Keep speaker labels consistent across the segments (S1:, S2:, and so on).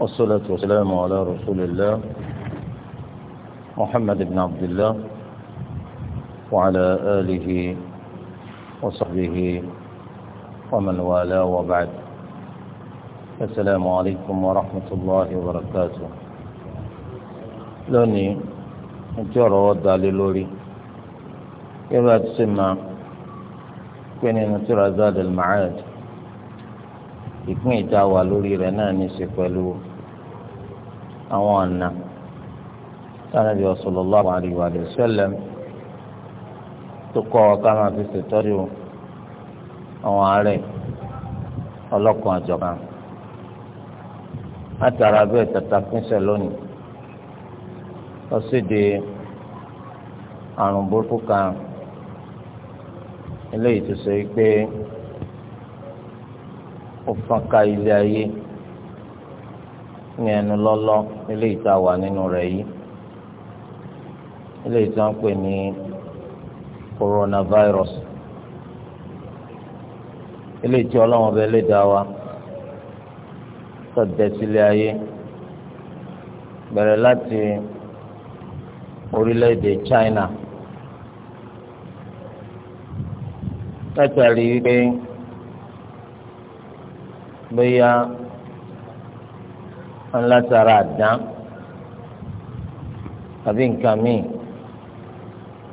S1: والصلاة والسلام على رسول الله محمد بن عبد الله وعلى آله وصحبه ومن والاه وبعد السلام عليكم ورحمة الله وبركاته لوني جرى علي للوري كما تسمى كني نترى زاد المعاد ìpín ìta wà lórí rẹ̀ náà ní í ṣe pẹ̀lú àwọn ọ̀nà sanabi sallallahu alayhi wa sallam tó kọ́ ọ̀ká máa fi ṣètọ́jú àwọn àárẹ̀ látara bẹ́ẹ̀ tata pínṣẹ́ lónìí lọ sí àrùn burúkú kan eléyìí tó ṣe pé ní ẹnu lọ́lọ́ ilé ìta wà nínú rẹ̀ yìí ilé ìta ń pè ní coronavirus ilé ìtí ọlọ́wọ́n bẹ lé da wa tọ́jú sílé ayé bẹ̀rẹ̀ láti orílẹ̀-èdè China látàrí wípé bóyá wọn látara àdán àbí nǹkan míì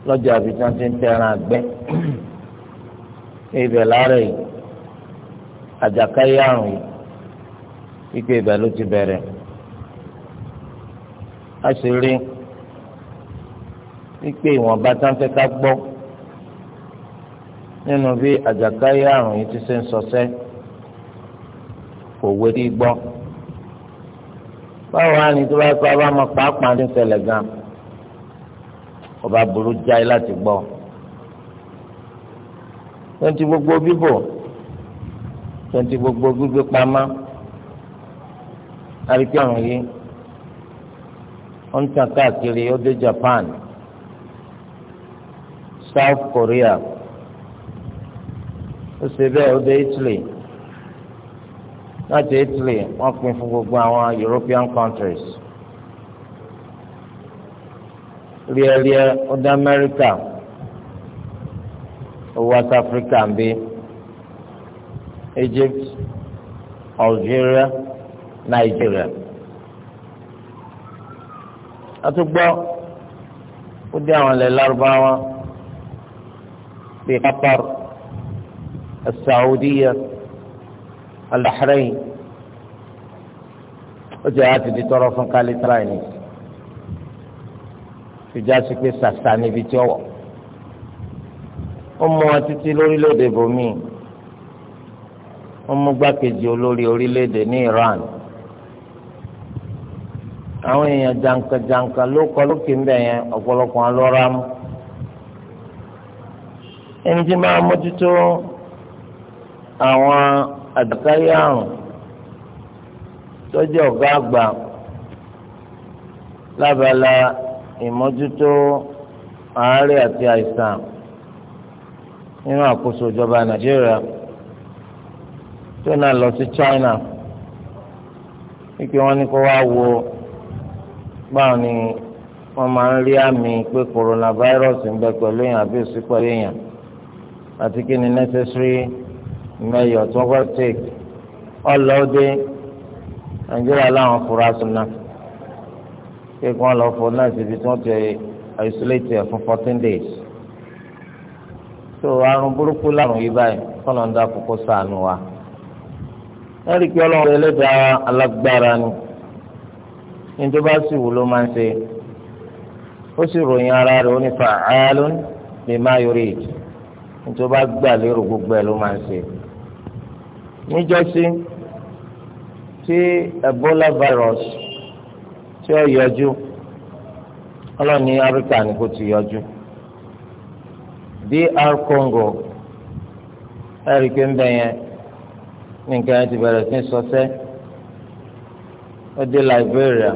S1: lọ́jọ́ àbí tí wọ́n ti ń tẹran àgbẹ́ ibẹ̀ lára yìí àjàkáyé àrùn yìí wípé ibẹ̀ ló ti bẹ̀rẹ̀ a sì rí wípé ìwọ̀nba tá ń fẹ́ ká gbọ́ nínú bí àjàkáyé àrùn yìí ti ṣe ń sọsẹ́ kò wé rí gbọ́ báwo wá ní tó bá kọ́ abá mọ pàápàá ní ṣẹlẹ̀ gan ọba burú jáì láti gbọ́ tonti gbogbo bíbò tonti gbogbo gbígbé pamọ́ àríkí ọ̀run yìí ó ń tàn káàkiri ó dé Japan South Korea ó ṣe bẹ́ẹ̀ ó dé Italy láti Italy wọ́n pín fún gbogbo àwọn European countries ríẹríẹ ó dá Amẹ́ríkà West Africa ń Egypt Algeria Nigeria àtúgbọ́ ó dé àwọn ilẹ̀ lárúbáwá bíi Qatar Saudiya al-Bahrain ó jẹ́ àti di tọrọ fún kálítírà ni ìjà sí pé sàṣà níbi tí ó wọ̀ ó mú wọn títí lórílẹ̀‐èdè bomi ó mú gbákejì olórí orílẹ̀‐èdè ní Iran àwọn èèyàn jàǹkàjàǹkà ló kọ lókè ńbẹ yẹn ọ̀pọ̀lọpọ̀ alọ́ra mú ẹni tí máa mójútó àwọn àdàkáyé àrùn tọ́jú ọ̀gá àgbà lábala ìmọ́jútó àárẹ̀ àti àìsàn nínú àkóso ìjọba nàìjíríà tó náà lọ sí China wípé wọ́n ní kó wá wo báwọn ni wọ́n máa ń rí àmì pé coronavirus ń bẹ pẹ̀lú èèyàn àbí èèyàn mẹ́yọ̀ tí wọ́n fẹ́ tèk ọlọ́dẹ nàìjíríà láwọn fura sunna pé kí wọ́n lọ fọ náà síbi tí wọ́n ti isolate ẹ̀ fún fourteen days tó àrùn burúkú làrùn yìí báyìí kọ́nà ń dá kókó sànù wa lórí kí ọlọ́run ẹlẹ́dàá alágbára ni ní tó bá sì wù ló máa ń ṣe ó sì ròyìn ara rẹ̀ ó ní fa'alun lima yurid ní tó bá gbà lérò gbogbo ẹ̀ ló máa ń ṣe níjọ́sí tí Ebola virus tí ó yọjú ọlọ́ni Áfíríkà ni kò ti yọjú DR Congo ẹ̀rí pé ń bẹ yẹn ní nǹkan yẹn ti bẹ̀rẹ̀ sí sọ́sẹ́ ó dé Liberia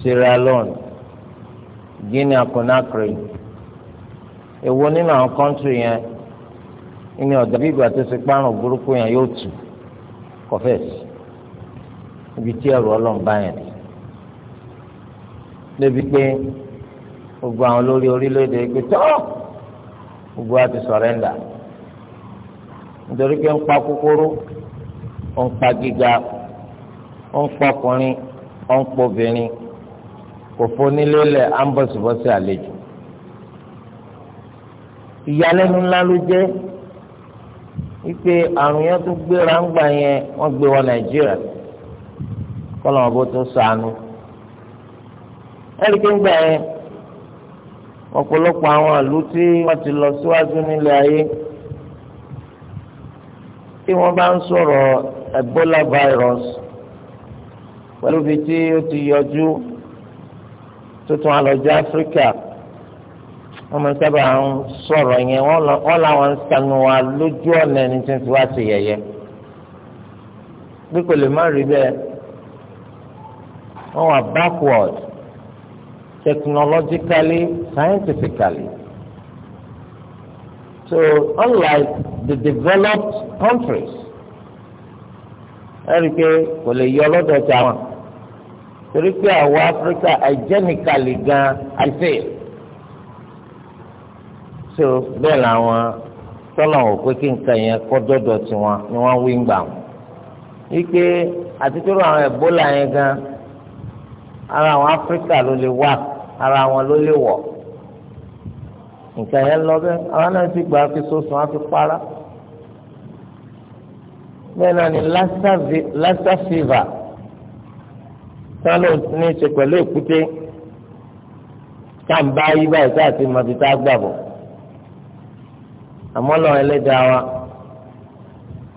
S1: Sierra Leone Guinea Conakry èwo nínú àwọn kọ́ńtì yẹn ìní ọ̀dà bí ìgbà tó ṣe párùn burúkú yẹn yóò tù kọfẹ́sì ibi tí ẹ̀rù ọlọ́mbà yẹn débi pé gbogbo àwọn olórí orílẹ̀-èdè pé tọ́ gbogbo àti sọ̀rẹ́ndà nítorí pé ń pa kúkúrú ń pa gíga ń pọkùnrin ń pọbìnrin kò fonílé lẹ̀ à ń bọ̀sibọ́sí àlejò ìyàlẹ́nu ńlá ló jẹ́ wípé àrùn yẹn tó gbéra ń gbà yẹn wọ́n gbé wọ nàìjíríà kọ́lọ́mọ bó tún sànú. ẹ̀rí kéńgbà yẹn ọ̀pọ̀lọpọ̀ àwọn ìlú tí wọ́n ti lọ síwájú nílé ayé tí wọ́n bá ń sọ̀rọ̀ Ebola virus pẹ̀lú ibi tí ó ti yọjú tuntun àlọ́jọ́ Áfíríkà wọ́n máa ń sábà sọ̀rọ̀ yẹn wọ́n làwọn ń sanu wa lójú ọ̀nà ẹni tí wọ́n ti wá sí yẹ̀yẹ́ bí kò lè má rí bẹ́ẹ̀ wọ́n wà backward technologically scientifically so unlike the developed countries ẹ̀rí pé kò lè yọ lọ́dọ̀ tí àwọn torí pé àwọn Áfíríkà hygienically gan-an I fail so bẹ́ẹ̀ làwọn tọ́lọ̀ ò pé kí nǹkan yẹn kọ́ dọ́dọ̀ tiwọn ni wọ́n wí ń gbà wọn. wípé àti tó rọ àwọn ẹ̀bólà yẹn gan ara àwọn áfíríkà ló lè wà ara wọn ló lè wọ̀ nǹkan yẹn lọ bẹ́ẹ̀ àwọn náà ti gbà fi sọ́sùn á fi para bẹ́ẹ̀ náà ni lassa fever tán ló ní í ṣe pẹ̀lú èkúté tá à ń bá yí báyìí tá à ti mọ̀ ti tá a gbà bọ̀ àmọ́ lọ́wọ́ ẹlẹ́dàá wa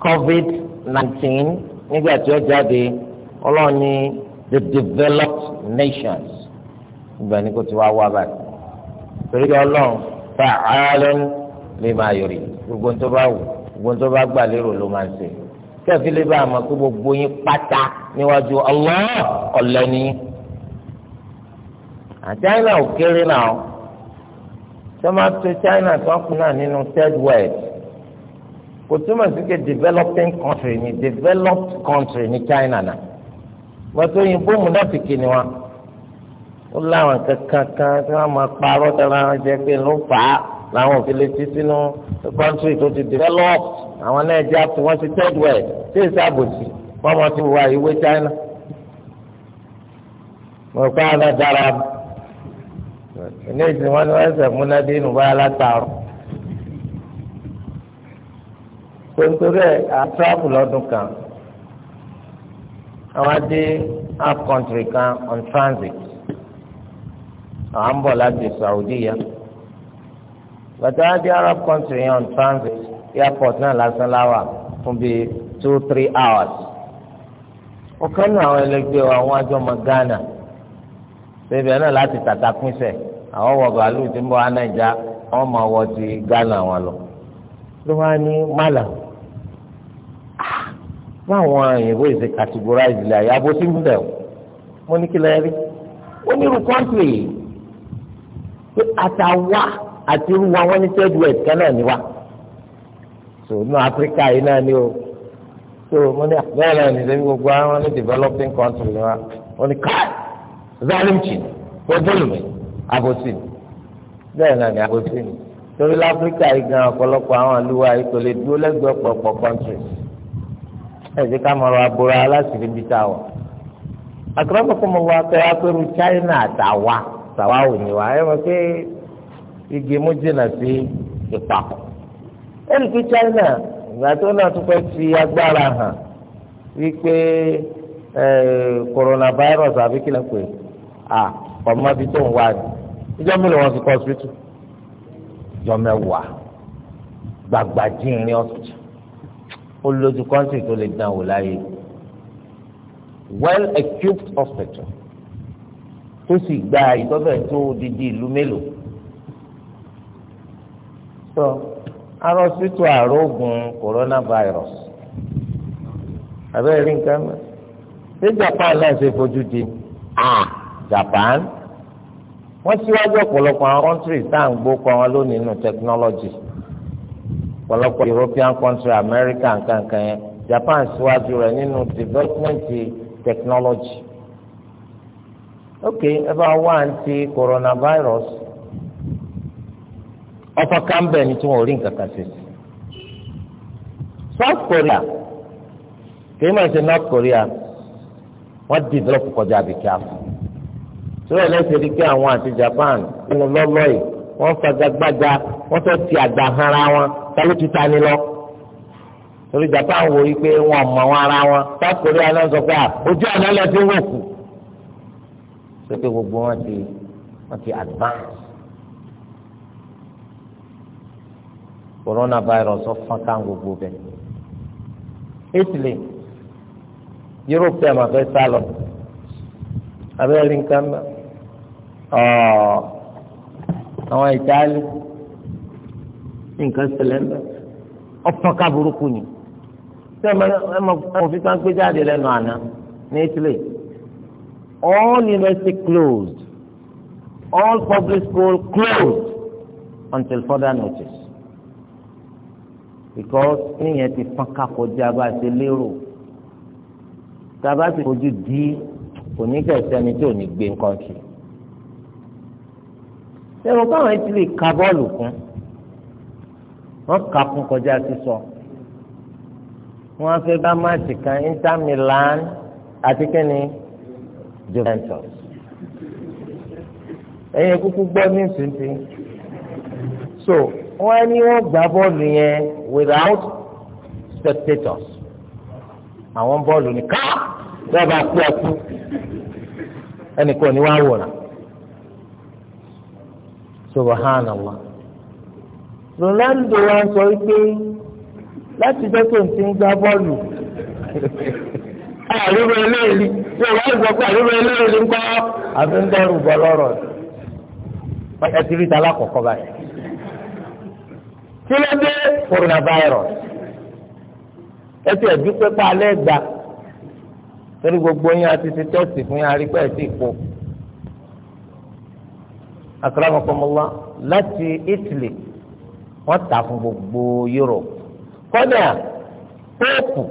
S1: covid nineteen nígbà tí ó jáde ọlọ́run ní the developed nations ìgbà ní kò tí wàá wá báyìí torí pé ọlọ́run fa ààrùn lè máa yọrí gbogbo tó bá wù gbogbo tó bá gbà lérò ló máa ń ṣe kẹfì lè bá àmọ́ pé gbogbo yín pátá níwájú ọlọ́run ọ̀lẹ́ni àti àyìnlá ò kéré náà tomato China tó kù náà nínú third world kò túmọ̀ sí pé developing country ni developed country ni China na. wọ́n yìnbó múnáfìkì ni wọn ó láwọn kankan kan tí wọ́n máa parọ́ tẹ́lẹ̀ wọn jẹ́ pé ló fà á làwọn òfin lè ti sínú country tó ti develop àwọn náà jẹ́ àti wọ́n ti third world tí èsì àbòsí wọ́n mọ̀ ti wà ìwé China. mo pa ara dára ilé ìsìn wọn ni wọn ṣẹ̀ múnádé nù báyà látàrọ. pẹ̀lú ẹ̀ àtúráàbù lọ́dún kan àwọn adé half country kan on transit àwọn ń bọ̀ láti Saudi ya bàtà adé Arab country yẹn on transit airport náà lásán láwà fún bíi two three hours ọ̀kan náà àwọn ẹlẹgbẹ́ wa wọ́n á jọ mọ Ghana bẹ́ẹ̀ bẹ́ẹ̀ náà láti tàtàkùn sẹ́ẹ̀ àwọn wọ bàálù tí ń bọ̀ wá nàìjà wọ́n máa wọ ti Ghana wọn lọ. ló wá ní mala ah, báwọn òyìnbó ìṣe categorize ilẹ̀ àyàbò sí ń bẹ̀ mo ní kí lẹ́yìn rí ó ní irú kọ́ńtì pé àtàwa àti irú wa ní third world kan wa so inú Áfíríkà yìí náà ni o so mo ní bẹ́ẹ̀ náà ní sẹ́yìn gbogbo àwọn ní developing country ni wa wọ́n ní káì zalimchi wọ́n bọ́ọ̀lù àbòsí bẹ́ẹ̀ náà ni àbòsí ni torí láfíríkà yìí gan ọ̀pọ̀lọpọ̀ àwọn àlùwà yìí kò lè dúró lẹ́gbẹ̀ẹ́ ọ̀pọ̀lọpọ̀ kọ́ńtì ẹ̀sìn ká mọ̀rọ̀ àbúrò aláṣìírí bíi ta wọ̀. àkàràmọ̀kọ́mọ̀ wa tẹ apẹ̀rù China àtàwà tàwa ò ní wa ẹ mọ̀ pé igi mú jìnnà sí ìpapọ̀. ẹnì pé China ìgbà tó náà tún fẹ́ fi agbára hàn wípé coronavirus àbí kí lè pè é ọmọ bíi tó ń wá ni ìjọ mélòó wọn fi kọ́ hospital ìjọ mẹ́wàá gbàgbà jínrín hospital ó lójú kọ́ńtì tó lè dán wò láyé well equipped hospital tó sì gba ìtọ́fẹ̀ tó odidi ìlú mélòó so arọ hospital àrò oògùn coronavirus abẹ́rẹ́ rí nǹkan mọ́ ṣé Japan náà ṣe fojú di ah. Japan wọ́n síwájú ọ̀pọ̀lọpọ̀ àwọn countries tá à ń gbó kọ́ wọn lónìí nínú technology ọ̀pọ̀lọpọ̀ European country America nkankan yẹn Japan síwájú rẹ̀ nínú development technology ok ẹ bá wá àǹtí coronavirus ọkọ̀ kánbẹ̀ ni tí wọ́n rí nǹkan kan sí South Korea kì í mọ̀ sí North Korea wọ́n develop kọjá àbíkí àfọ̀ sọ́yà lẹ́sẹ̀ rí pé àwọn àti Japan nínú lọ́lọ́ yìí wọ́n fagagbága wọ́n fẹ́ ti àgbà hàn ara wọn kálí ti ta ni lọ. torí Japan wò yí pé wọn mọ àwọn ara wọn South Korea náà sọ pé ojú àná lẹ ti wò kù. sọ́kè gbogbo wọn ti wọn ti advance. coronavirus ọ̀fọ̀n kan gbogbo bẹ́ẹ̀. Italy Europe tẹ̀ máa fẹ́ sálọ abẹ́rẹ́ nǹkan náà àwọn ìtaálí nǹkan ṣẹlẹ̀ ńbẹ ọ̀pọ̀ ká ni ṣé ẹ mọ òfin kan gbé jáde lẹ́nu àná ní Italy all university closed all public school closed until further notice because níyẹn ti fọ́n ká kọjá bá a ṣe lérò tá a bá ti fojú di kò ní kẹsàn-án tí ò ní gbé ń kọ́ńtì ẹ̀rọ káwọn ẹ̀ ti lè ka bọ́ọ̀lù kún wọ́n kà kún kọjá sísọ wọ́n á fẹ́ bá máàtì kan Inter Milan àti kẹ́ni Juventus ẹ̀yin kúkú gbọ́ ní ìsìnkú so wọ́n ní wọ́n gbá bọ́ọ̀lù yẹn without spectators àwọn bọ́ọ̀lù ní ká lọ́ba kú ẹkú ẹnìkan ni wọ́n á wòrán. subhanallah Ronaldo wa sọ pé láti dẹ́kun ti ń gbá bọ́ọ̀lù àrùbọ eléyìí yóò wá sọ pé àrùbọ eléyìí ń kọ́ àfi ń dẹ́rù bọ́ lọ́rọ̀ ẹ ti rí ta lákọ̀ọ́kọ́ báyìí kí ló dé coronavirus ẹ ti ẹ̀dí pé pa alẹ́ gbà torí gbogbo yín a ti ti fún yín a pé akramakumullah láti Italy wọ́n tà fún gbogbo Europe kọ́dà póòpù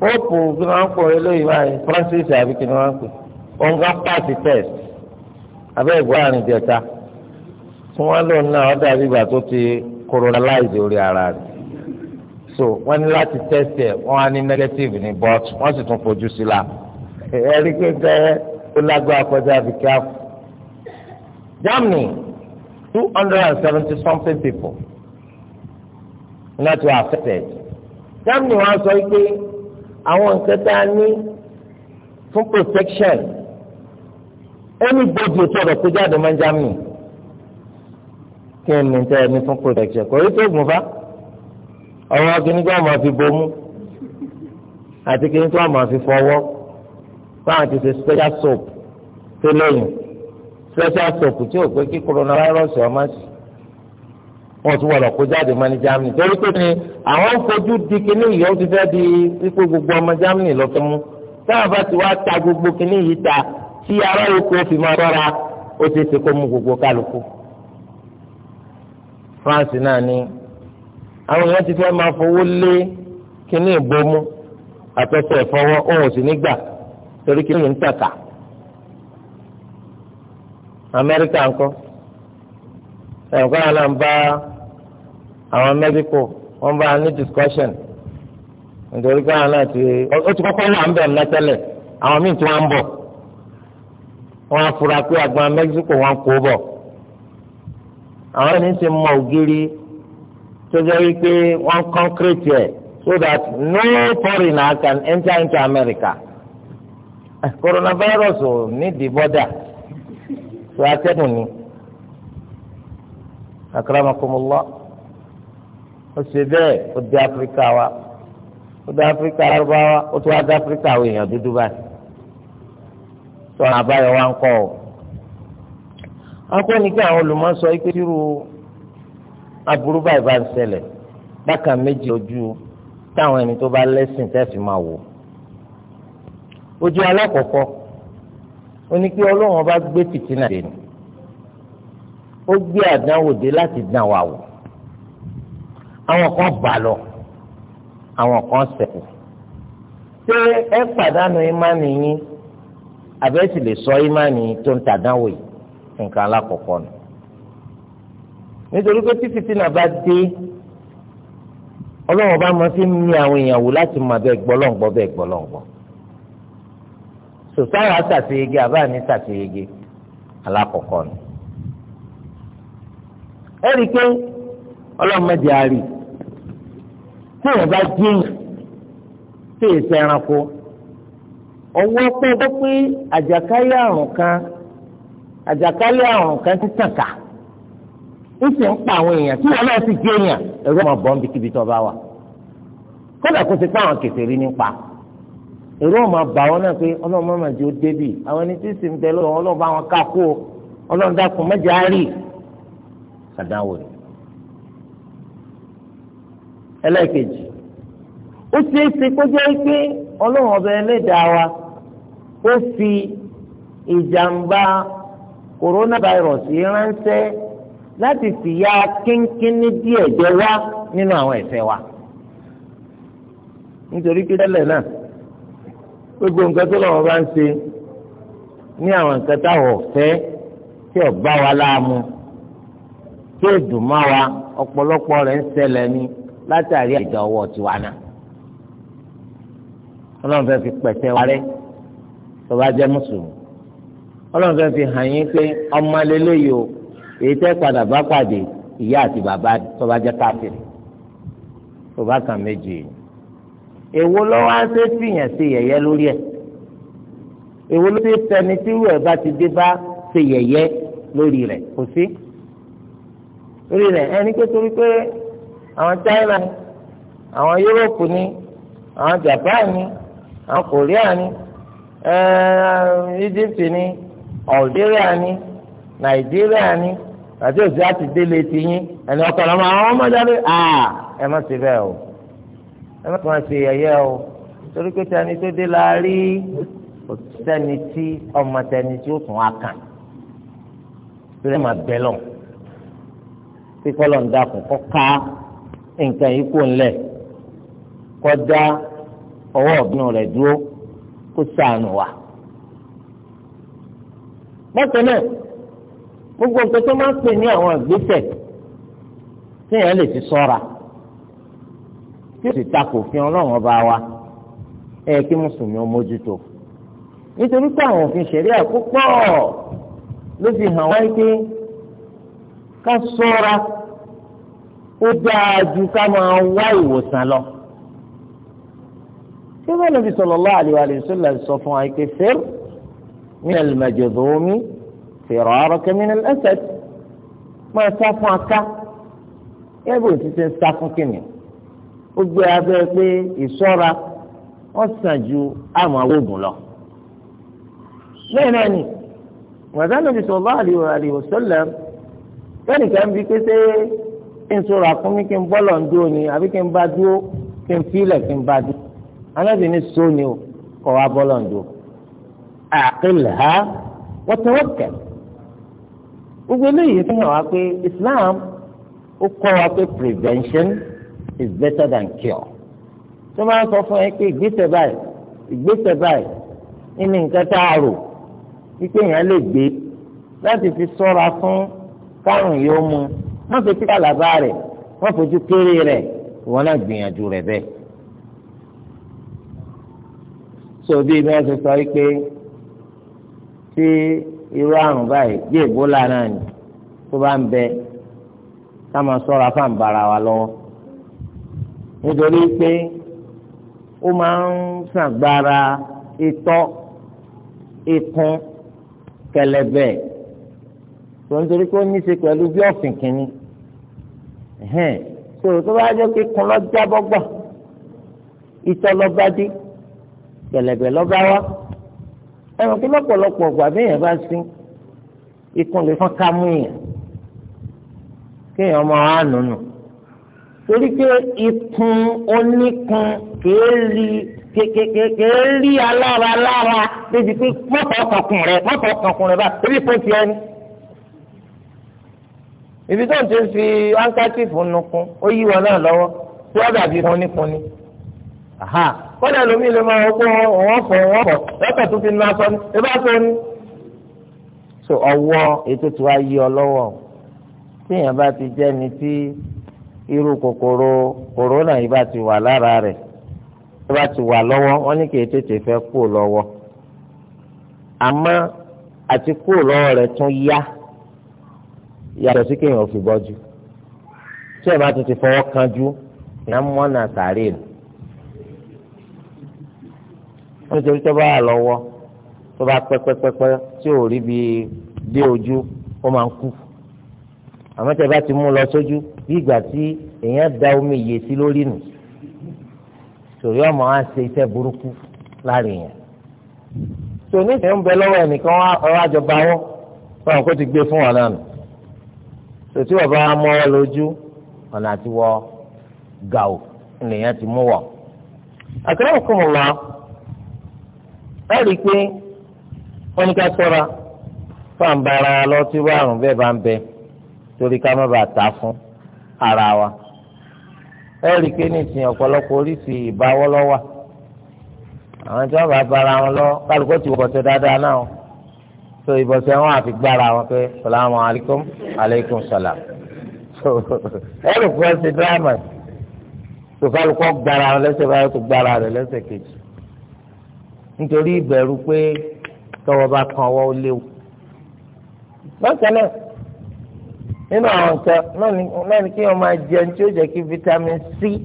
S1: póòpù kí wọ́n pọ̀ eléyìí báyìí Francis àbí kí wọ́n pè ònga pàṣẹ test abẹ́ ìgbọ́ àrùn ìjẹta tí wọ́n lò náà ó dàbí ìgbà tó ti colonize orí ara rẹ̀ so wọ́n ní láti test ẹ̀ wọ́n á ní negative ní but wọ́n sì tún fojú sí la ẹ̀rí kékeré ó lágbára kọjá àbíkẹ́ àpò. Germany two hundred and seventy something people not were affected Germany wọn sọ pé àwọn nǹkan tá a ní fún protection ẹni gbòdì sọ̀rọ̀ tó jáde máa ń Germany kí ni tẹ́ ẹ ní fún protection kò rí tó gùn fa ọ̀rọ̀ kìíní tí wọ́n máa fi bomú àti kìíní tí wọ́n máa fi fọwọ́ fáwọn ti ṣe special soap tó lẹ́yìn sẹ́sẹ́ àsọ̀kù tí ò pé kí coronavirus ọmọ sí wọn tún wọlọ kó jáde mọ ní Germany torí pé ní àwọn fojú di kínní yìí ó ti fẹ́ di wípé gbogbo ọmọ Germany lọ fún mu táwọn bá ti wá ta gbogbo kínní yìí ta tí ará oko fi máa rọra ó ti ṣe kó mú gbogbo kálukú France náà ni àwọn èèyàn ti fẹ́ máa fowó lé kínní ìbomú àtọ́tọ́ ẹ̀fọ́wọ́ òun ò sì ní gbà torí kínní ń tàkà amẹ́ríkà ńkọ́ ẹ̀kọ́ àwọn náà ń bá àwọn mẹ́díkù wọ́n bá ní discussion nítorí pé àwọn náà ti ó ti kọ́kọ́ wà ń bẹ̀ ńlá tẹ́lẹ̀ àwọn míì tí wọ́n ń bọ̀ wọ́n á fura pé àgbọn mẹ́díkù wọn kò bọ̀ àwọn ènìyàn ti mọ ògiri tó jẹ́ wípé wọ́n concrete ẹ̀ so that no foreigner can enter into America coronavirus ò ní di border tó atẹ́gùn ni akramakumullah ó ṣe bẹ́ẹ̀ ó dé áfíríkà wa ó dé áfíríkà arúgbáwá ó tún wá dé áfíríkà àwọn èèyàn dúdú báyìí tọ́nà àbáyọ wa ń kọ́ ọ. akọ́ni kí àwọn olùmọ̀ sọ pé tírú aburú báyìí bá ń ṣẹlẹ̀ bákan méjì ojú táwọn ẹni tó bá lẹ́sìn tẹ́ fi máa wò. ojú alákọ̀ọ́kọ́ ó ní kí ọlọ́run ọba gbé fìtínà dé ni ó gbé àdánwò dé láti dán wa wò àwọn kan bà lọ àwọn kan ṣẹ́kù ṣé ẹ pàdánù ìmánì yín àbẹ́sì lè sọ ìmánì tó ń tàdánwò yìí nǹkan alákọ̀ọ́kọ́ nù nítorí pé tí fìtínà bá dé ọlọ́run ọba máa fi mi àwọn èèyàn wò láti mọ abẹ́ gbọ́lọ́ǹgbọ́ bẹ́ẹ̀ gbọ́lọ́ǹgbọ́ sòsáwà sàṣeyege àbá ní sàṣeyege alákọ̀ọ́kọ́ ni. ẹ rí i pé ọlọ́mọdé àárí tí wọ́n bá dín tí èsì ẹranko ọwọ́ pẹ́ gbọ́ pé àjàkálẹ̀ àrùn kan àjàkálẹ̀ àrùn kan ti tàn ká ó sì ń pa àwọn èèyàn tí wọn náà sì jẹ́ èèyàn ẹ̀rọ ọmọ bọ́ńbí kíbi tó bá wà kódà kó ti pé àwọn kèfèrí ní pa. èrò ọmọ àbá wọn náà pé ọlọ́run má màjẹ ó débì àwọn ẹni tí bá wọn kákó ọlọ́run dákun mẹ́jẹ á ẹlẹ́ẹ̀kejì ó ṣeé ṣe kó jẹ́ pé ọlọ́run ọbẹ̀ ẹlẹ́dàá wa ó fi ìjàmbá ránṣẹ́ láti kínkínní gbogbo nǹkan tó lọ́wọ́ bá ń ṣe ní àwọn nǹkan táwọn ọ̀fẹ́ tí ọ̀gbá wa láàmú tí ó dùn má wa ọ̀pọ̀lọpọ̀ rẹ̀ ń ṣẹlẹ̀ ní látàrí àìdá ọwọ́ tiwa náà. ọlọ́run fẹ́ fi pẹ̀tẹ́ wa rẹ́ tó bá jẹ́ mùsùlùmí. ọlọ́run fẹ́ fi hàn yín pé ọmọ lélẹ́yìí o èyí tẹ́ padà bá pàdé ìyá àti bàbá tó bá jẹ́ káfíìn tó bá kàn méjì yìí èwo ló wá ṣe fìyàn ṣe yẹ̀yẹ́ lórí ẹ̀ èwo ló ṣe tẹni tí irú ẹ̀ bá ti dé bá ṣe yẹ̀yẹ́ lórí rẹ̀ kò sí lórí rẹ̀ ẹni pé torí pé àwọn China àwọn Yúróòpù ni àwọn Japan ni àwọn Korea ni eh, Egypt ni Algeria ni Nigeria ni àti òsì àti délé ti yín ẹni ọkọ̀ lọ́mọ àwọn ọmọdé ẹ má ṣe bẹ́ẹ̀ o ẹ má kàn ṣe yẹ̀yẹ́ o torí pé tani tó dé la rí sẹ́ni tí ọmọ tẹni tí ó tún á kàn torí ẹ̀ máa bẹ́ lọ tí kọ́lọ̀ ń dakùn kọ́ ká nǹkan yìí kò ń lẹ̀ kọ́ dá ọwọ́ ọ̀gbìn rẹ̀ dúró kó sànù wá. bákan náà gbogbo nǹkan tó máa ń pè ní àwọn ìgbésẹ̀ tí èèyàn lè ti sọ́ra. So tí ó sì takò òfin ọlọ́run ọba wa ẹ kí mùsùlùmí ó mójútó nítorí pé àwọn òfin ṣẹ̀ríà púpọ̀ ló fi hàn wáyé pé ká ṣọ́ra ó dáa ju ká máa wá ìwòsàn lọ tí wọ́n lè fi sallallahu alaihi wa sallam sọ fún wa pé fir min al-majdhumi firaraka min al máa sá fún aká ẹ bó ti ṣe ń sá fún kìnìún ó gbé abẹ́ pé ìṣọ́ra ó sàn ju àmọ́ awóògùn lọ. lẹ́yìn náà ni wàdánù bí sọ̀rọ̀ àríwá àríwá sọ́lẹ̀ lẹ́nìkan bí pé ṣé kí n sọ̀rọ̀ àkúnmí kí n bọ́lọ̀ ń dúró ni àbí kí n bá dúró kí n fílẹ̀ kí n bá dúró. alábìíní sọ ni o kọ̀ wá bọ́lọ̀ ń dúró. àkìlẹ̀ ha wọ́n tẹ́wọ́ kẹ̀. gbogbo eléyìí fi hàn wá pé Islam ó kọ́ wa pé prevention is better than cure tó máa ń sọ fún ẹ pé ìgbésẹ̀ báyìí ìgbésẹ̀ báyìí nínú nǹkan tá a rò wípé èèyàn lè gbé láti fi sọ́ra fún kárùn yìí ó mu wọ́n fi tíkà làbá rẹ̀ wọ́n fojú kéré rẹ̀ ìwọ náà gbìyànjú rẹ̀ bẹ́ẹ̀. sóbì bí wọ́n ṣe sọ wípé tí irú àrùn báyìí bí èbólà náà ni tó bá ń bẹ ká máa sọ́ra fáǹbara wa lọ́wọ́ nítorí pé ó máa ń sàgbára itọ́ ikun kẹlẹbẹ tó nítorí pé ó ní í ṣe pẹ̀lú bí ọ̀sìn kìíní tó tó bá jẹ́ pé kun lọ́jà bọ́gbà itọ́ lọ́ba dé kẹlẹbẹ lọ́ba wá ẹnu kí lọ́pọ̀lọpọ̀ ọ̀gbà béèyàn bá sí ikun lè fọ́n ká mú yàn kéèyàn máa wá nùnù torí pé ikun, oníkun kìí rí kìí rí alára lára débi pé mọ́tò ọkàn rẹ̀ mọ́tò ọkàn rẹ̀ bá torí pé fi ẹni. ibi tó ń ti fi hankachifu nukun ó yí wọn náà lọ́wọ́ tí wọ́n dàbí oníkun ni. kọ́dà lómi lè máa wọ́pọ̀ wọ́n fọ̀ lọ́tọ̀ tó fi nu aṣọ ni ẹ bá sọ ni. so ọwọ́ ètò tí wàá yí ọ lọ́wọ́ tíyẹn bá ti jẹ́ ni tí irú kòkòrò kòrónà yìí bá ti wà lára rẹ̀ tó bá ti wà lọ́wọ́ wọn ní kì í tètè fẹ́ kúrò lọ́wọ́ àmọ́ àti kúrò lọ́wọ́ rẹ̀ tún yá yàtọ̀ sí kéèyàn fi bọ́jú tí ẹ̀ bá tún ti fọwọ́ kanjú ìyá mọ́nà sàárè nù nítorí tó bá wà lọ́wọ́ tó bá pẹ́pẹ́pẹ́pẹ́ tí ò rí bi dé ojú ó máa ń kú àmọ́ tẹ́ bá ti mú lọ sójú bí ìgbà tí èèyàn da omi ìyè sí lórí nù sòrí ọmọ wa ṣe iṣẹ́ burúkú láàrin yẹn tò ní ìfẹ́ ń bẹ lọ́wọ́ ẹnìkan ọ̀rọ̀ àjọba wọn fáwọn kó ti gbé fún wọn náà nù tòtí bàbá wa mọ́ ọ lójú ọ̀nà àti wọ gàù nìyẹn ti mú wọ. àkàrà òkú mu lọ ẹ rí i pé wọ́n ní ká sọ́ra fáwọn bá ara lọ àrùn bẹ́ẹ̀ bá ń bẹ torí ká má bàa tà á fún un ara wa ẹ̀rí pé ní ìsìn ọ̀pọ̀lọpọ̀ oríṣi ìbáwọ́lọ́wà àwọn tí wọ́n bá bára wọn lọ kálukó ti wọ́pọ̀tẹ́ dáadáa náà o so ìbọ̀sẹ̀ wọn àfi gbára wọn pé salamu alaykum alaykum salam so ẹ̀rí pé wọ́n ti dírámà tó kálukó gbára wọn lẹ́sẹ̀ báyọ̀ tó gbára rẹ̀ lẹ́sẹ̀ kejì nítorí ìbẹ̀rù pé tọwọ́ bá kan ọwọ́ ó léwu bákan náà nínú àwọn nǹkan náà ni kí wọn máa jẹun tí ó jẹ kí vitamin C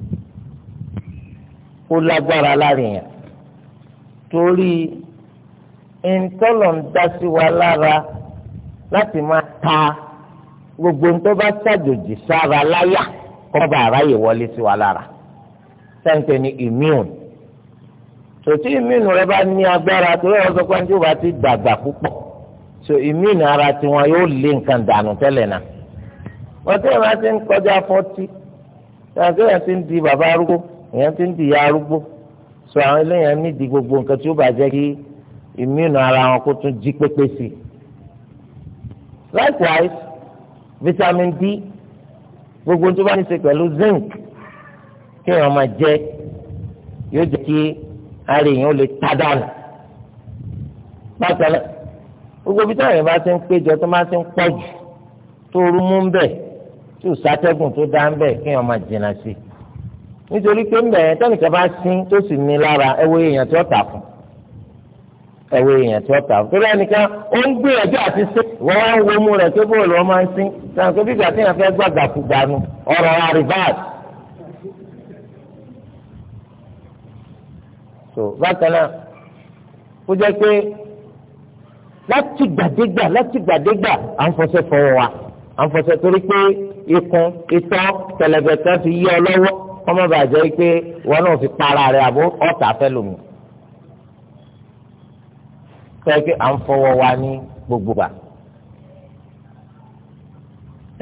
S1: kó lágbára lára yẹn torí ìtọ́lọ̀ ń dá sí wa lára láti máa ta gbogbo ń tó bá ṣàjòjì sára láyà kó bá aráyè wọlé sí wa lára sẹ́ńtẹ̀ ni immune tòtí immune rẹ bá ní agbára torí wọn sọ pé ẹni tí ó bá ti dàgbà púpọ̀ so immune ara tiwọn yóò lé nǹkan dànù tẹ́lẹ̀ náà wọ́n tẹ́ ti ń kọjá fọ́tí ṣáàkì èèyàn ti ń di bàbá arúgbó èèyàn ti ń di ìyá arúgbó sọ àwọn eléyàn nídìí gbogbo nǹkan tí ó bàjẹ́ kí ìmúnà ara wọn kó tún jí pépé sí. likewise vitamin D gbogbo tó bá ní ṣe pẹ̀lú zinc kí èèyàn máa jẹ yóò jẹ́ kí ara èèyàn ó lè ta dànù. bákan náà gbogbo bí bá ti ń péjọ tó máa ti ń pọ̀ jù tó rú mú ń tí ò sátẹ́gùn tó dá ń bẹ̀ kí wọ́n máa jìnnà sí i nítorí pé ń bẹ̀ tẹ́nìkan bá sín tó sì ní lára ẹ̀wọ́ èèyàn tí ó tà fún ẹ̀wọ́ èèyàn tí ó tà fún torí ẹnìkan ó ń gbìyànjú àti sí wọ́n wá ń wo mú rẹ̀ pé bóòlù wọn máa ń sín náà pé bígbà tí èèyàn fẹ́ gbàgbà kú gbanu ọ̀rọ̀ àríváàt. tó bákan náà ó jẹ́ pé láti gbàdégbà à ń fọṣẹ́ fọwọ́ wa àǹfọ̀sẹ̀ torí pé ikùn itọ́ tẹlẹbẹtẹ fi yí ọ lọ́wọ́ ọmọ bàjẹ́ pé wọn náà fi para rẹ àbó ọ̀tá fẹ́ lòmù. sọ pé à ń fọwọ́ wa ní gbogbo gbà.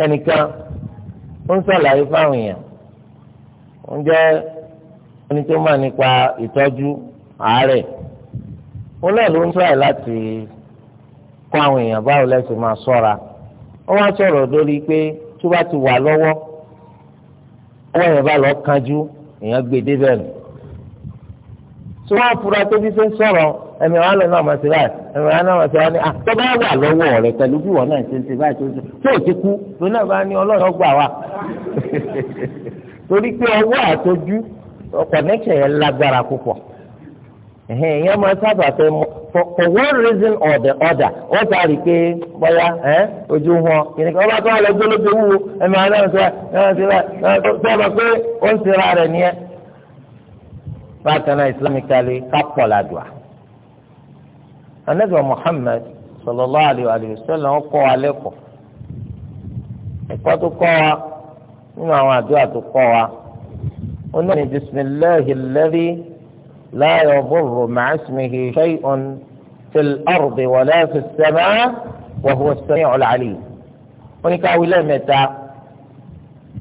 S1: ẹnìkan ó ń sàlàyé fáwọn èèyàn ó ń jẹ́ ẹni tó mọ̀ nípa ìtọ́jú àárẹ̀ ó náà ló ń sọ̀rọ̀ láti kọ́ àwọn èèyàn báwo lẹ́sìn máa ṣọ́ra wọ́n wá sọ̀rọ̀ lórí pé tó bá ti wà lọ́wọ́ ọwọ́ yẹn bá lọ kanjú èèyàn gbé débẹ̀ nù. tó wọ́n afura tó fi ṣe ń sọ̀rọ̀ ẹ̀mí wọn lọ náà máa ṣe báyìí ẹ̀mí wọn náà máa ṣe báyìí tó bá wà lọ́wọ́ rẹ̀ pẹ̀lú bí wọn náà ṣe ṣe báyìí tó ṣe tó ò ti kú tó náà bá ní ọlọ́run gbà wá. torí pé ọwọ́ àtọ́jú connection for for one reason or the other wọ́n ta rí i pé bọ́yá ẹ́ ojú wọn kìnìún kan ọba tó wà lọ gbólógbó wúwo ẹ̀mí àwọn náà ń sọ náà ti rà náà tó ọba pé ó ń sera rẹ̀ ni ẹ́. bákan náà islamically kápọ̀ làdùà. anabi muhammed sallallahu alayhi wa sallam ó kọ́ wa lẹ́kọ̀ọ́ ẹ̀kọ́ tó kọ́ wa nínú àwọn àdúrà tó لا يضر مع اسمه شيء في الأرض ولا في السماء وهو السميع العليم ونكاوي لمتى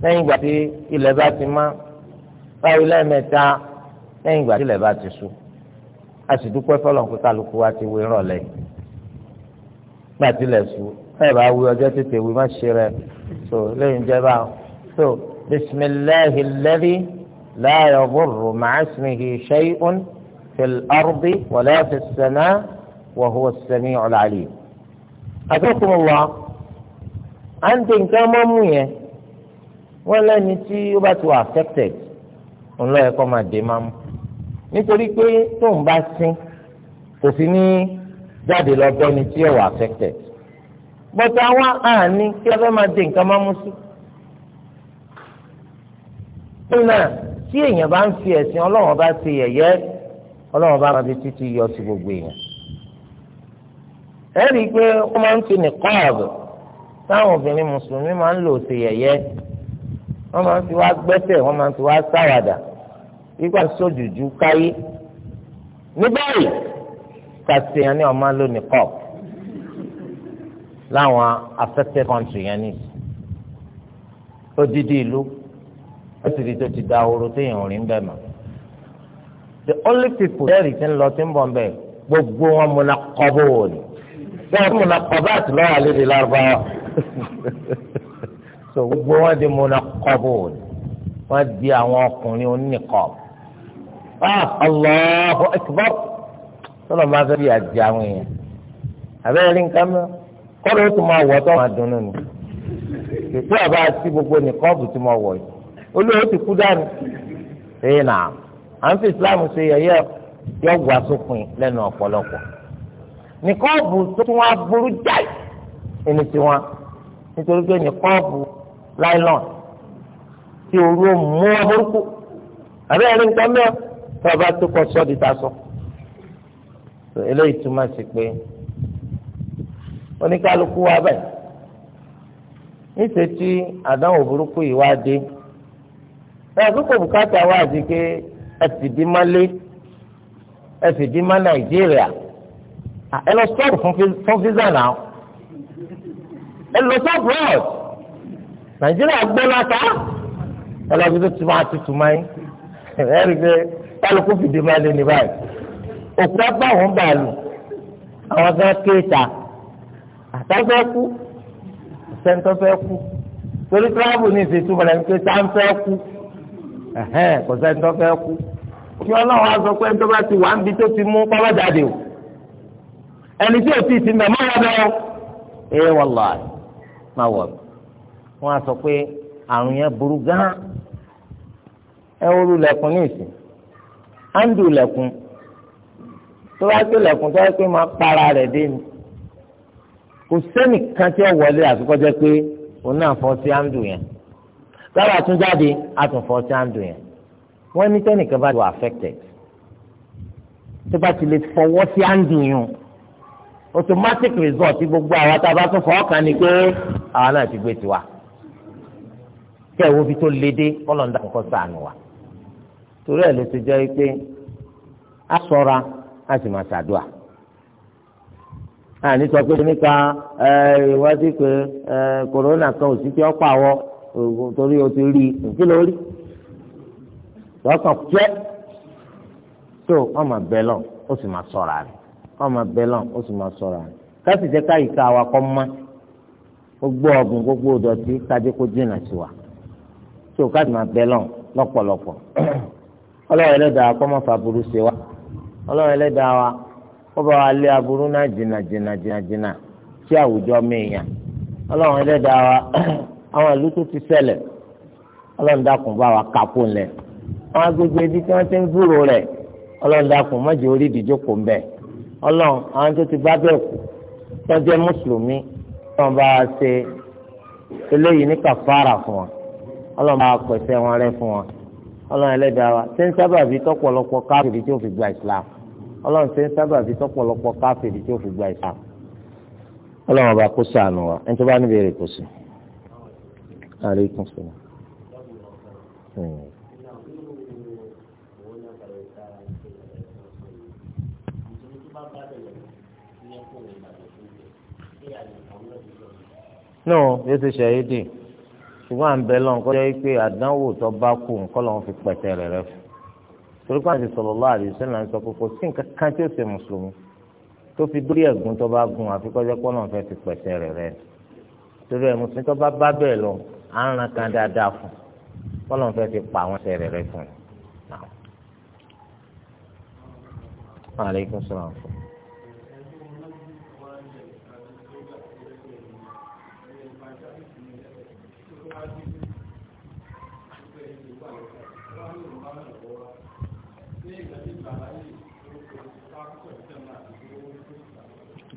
S1: نيجا في إلى ذات ما káwé lẹ́ẹ̀mẹ́ta lẹ́yìn ìgbà tí ilẹ̀ bá ti ṣú a sì dúpẹ́ fọlọ́n pé kálukú wa ti wé rọ̀lẹ́ nígbà tí ilẹ̀ ṣú ẹ̀ bá wí ọjọ́ tètè wí má ṣe rẹ̀ so lẹ́yìn ìjẹba so bisimilahi lẹ́rìí. لا يضر مع اسمه شيء في الأرض ولا في السماء وهو السميع العليم أتوكم الله أنت كما موية ولا نتي يباتوا affected الله يقوم الدمام nítorí pé tó ń bá sín kò sí ní jáde lọ gbọ́ ni tí ẹ̀ wà affected tí èèyàn bá ń fi ẹ̀sìn ọlọ́run bá ṣe yẹ̀yẹ́ ọlọ́run bá máa fi títí yọ sí gbogbo èèyàn. ẹ rí i pé ó máa ń fi nìkan ààbò táwọn obìnrin mùsùlùmí máa ń lò ṣe yẹ̀yẹ́ wọ́n máa ń fi wá gbẹ́sẹ̀ wọ́n máa ń fi wá sáradà wípé sójújú káyé ní báyìí kàṣeyàn ni ọmọ ló ní kọ́ọ̀ láwọn affected country yẹn ní odidi ìlú ó tó ti da ooru téèyàn rí ń bẹ̀ mọ́ the only people tẹ́rì tí ń lọ tí ń bọ̀ ń bẹ̀ gbogbo wọn múna kọ́bó òní bẹ́ẹ̀ múna kọ́bá àti lọ́wọ́ àlejò lárúbáwá so gbogbo wọn di múna kọ́bó òní wọn di àwọn ọkùnrin oníkọ́ ah Allahu Akbar tọ́lọ̀ máa fẹ́ bí àjẹ àwọn èèyàn àbẹ́rẹ́ rí nǹkan mọ́ kọ́dọ̀ ó tún máa wọ̀ tó máa dunnú ni ìpín àbá àti gbogbo nìkọ́ọ̀bù tí mo wọ̀ yìí olóyè ti kú dànù ṣe nà à ń fi islam ṣe yẹ̀yẹ́ yọ wà sópin lẹ́nu ọ̀pọ̀lọpọ̀ nìkọ́ọ̀bù tó tún wá burú jáì ẹni tiwọn nítorí pé nìkọ́ọ̀bù láìlọ́n tí orú mú wọn burúkú àbẹ́ ẹni nǹkan mẹ́ọ̀ tó tó kọ sọ́ọ̀dì ta sọ. eléyìí túmọ̀ sí pé oníkálukú wa bẹ̀ níṣẹ́ tí àdánwò burúkú yìí wá dé ẹ̀sùn kò bùkátà wá àti pé ẹ fìdí má lé ẹ fìdí má nàìjíríà ẹ lọ sọ́ọ̀bù fún físà náà ẹ lọ sọ́ọ̀bù rẹ̀ nàìjíríà gbóná ta ẹ lọ fi tó tuma àti tuma yín ẹ rí i pé kálukú fìdí má lé ní báyìí òkú ọgbà wọn bá lù àwọn fẹ́ kéèta àtàfẹ́ kú sẹ́ńtọ́ fẹ́ kú torí tíráàbù ní ìṣètúmọ̀ lẹ́nu pé sáńfẹ́ kú. kò sẹ́ni tó kú kí ọlọ́run á pé ẹni tó ti wà ń bi tó ti mú jáde o ẹni tí ò tí ì ti mẹ̀ mọ́ ọ̀dọ́ ẹ wallahi máa wọ́n á pé àrùn yẹn burú gaa. an ẹ ní ìsìn á ń tó bá tó tó yẹ pé máa para dé tábà tún jáde àtúnfọ́ sáńdù yẹn wọ́n ní tẹ́nìkan bá wà affected tó bá ti lè fọwọ́ sí àǹdù yẹn automatic result gbogbo àwọn tá a bá tún fọwọ́ kàn ní pé àwa náà ti gbé tiwa kẹ́ ẹ̀ wo fi tó le dé kọ́lọ́ńdà kọ́kọ́ sànù wa torí ẹ̀ ló ti jẹ́ pé a sọra a sì máa ṣàdúà àní sọ pé nípa ìwádìí pé kòrónà kan ò sí pé ọ́ pàwọ́ oògùn torí o ti rí nkí ló rí pẹ́ tó wọ́n máa ó sì máa sọ̀rọ̀ rẹ̀ wọ́n máa ó sì máa sọ̀rọ̀ rẹ̀ káṣí jẹ́ ká ìka wa kọ́ mọ́ gbogbo ọ̀gùn gbogbo ìdọ̀tí kó jìnnà sí wa tó káṣí máa bẹ lọ́pọ̀lọpọ̀ ọlọ́run ẹlẹ́dàá kọ́ mọ́ fàbùrù sí wa ọlọ́run ẹlẹ́dàá wa kọ́ bá wa lé aburú náà jìnnà jìnnà jìnnà àwọn ìlú tó ti ṣẹlẹ̀ ọlọ́run bá wa kápó ńlẹ̀ àwọn agbègbè ibi tí wọ́n ti ń gbúrò rẹ̀ ọlọ́run dákun mọ́jì orí ìdíjókòó ńbẹ ọlọ́run àwọn tó ti bá bẹ̀ kú tó jẹ́ mùsùlùmí tó ń bá a ṣe eléyìí ní kàfàrà fún wọn ọlọ́run bá a pèsè wọn rẹ fún wọn ọlọ́run ẹlẹ́dàá wa ṣé ń sábàbí tọ́pọ̀lọpọ̀ káfíìrì tí ó fi gba ìsìlámù ọlọ́run ṣe ń sábàbí tọ́pọ̀lọpọ̀ káfíìrì tí ó fi gba ìsìlámù ọlọ́run ọba kó ṣàánú wa ẹni tó bá níbi èrè kò sí aleykum salaam. no yóò ti ṣe ayédè ṣùgbọ́n à ń bẹ lọ́n kọ́ jẹ́ pé àdánwò tó bá kù nǹkan lọ́n fi pẹ̀tẹ́ rẹ̀ rẹ̀ fún torí pàṣẹ sallallahu alaihi wasallam sọ pé kò sí nǹkan kan tí ó ṣe mùsùlùmí tó fi dórí ẹ̀gún tó bá gun àfikọ́jẹ́ pọ́ lọ́n fẹ́ fi pẹ̀tẹ́ rẹ̀ rẹ̀ torí ẹ̀ mùsùlùmí tó bá bá bẹ́ẹ̀ lọ à ń ran kan dáadáa fún fọlọ́n fẹ́ fi pa àwọn sẹ̀rẹ̀ rẹ fún un. aleykum salaam.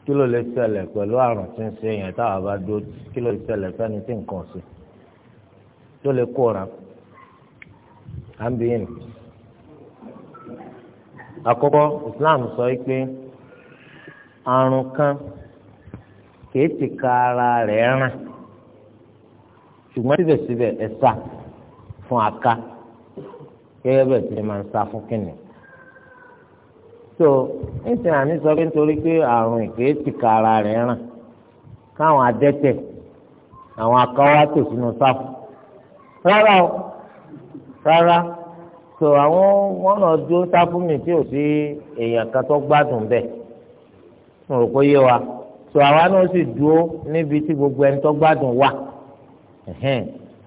S1: kí ló lè ṣẹlẹ̀ pẹ̀lú àrùn tí ń ṣe yẹn táwa bá dúró kí ló lè ṣẹlẹ̀ fẹ́ni tí nǹkan ṣe. t'ole lè kó ra à ń pé kan kìí ti ka ràn ṣùgbọ́n síbẹ̀síbẹ̀ fún aka gẹ́gẹ́ bẹ́ẹ̀ tí ẹ ń fún kìnìún so àní sọ pé nítorí pé àrùn ka ràn káwọn adẹ́tẹ̀ àwọn rárá o rárá so àwọn wọn náà mi tí ò sí èèyàn kan tó gbádùn bẹ́ẹ̀ mo wa so àwa náà sì dúró níbi tí gbogbo ẹni tó gbádùn wà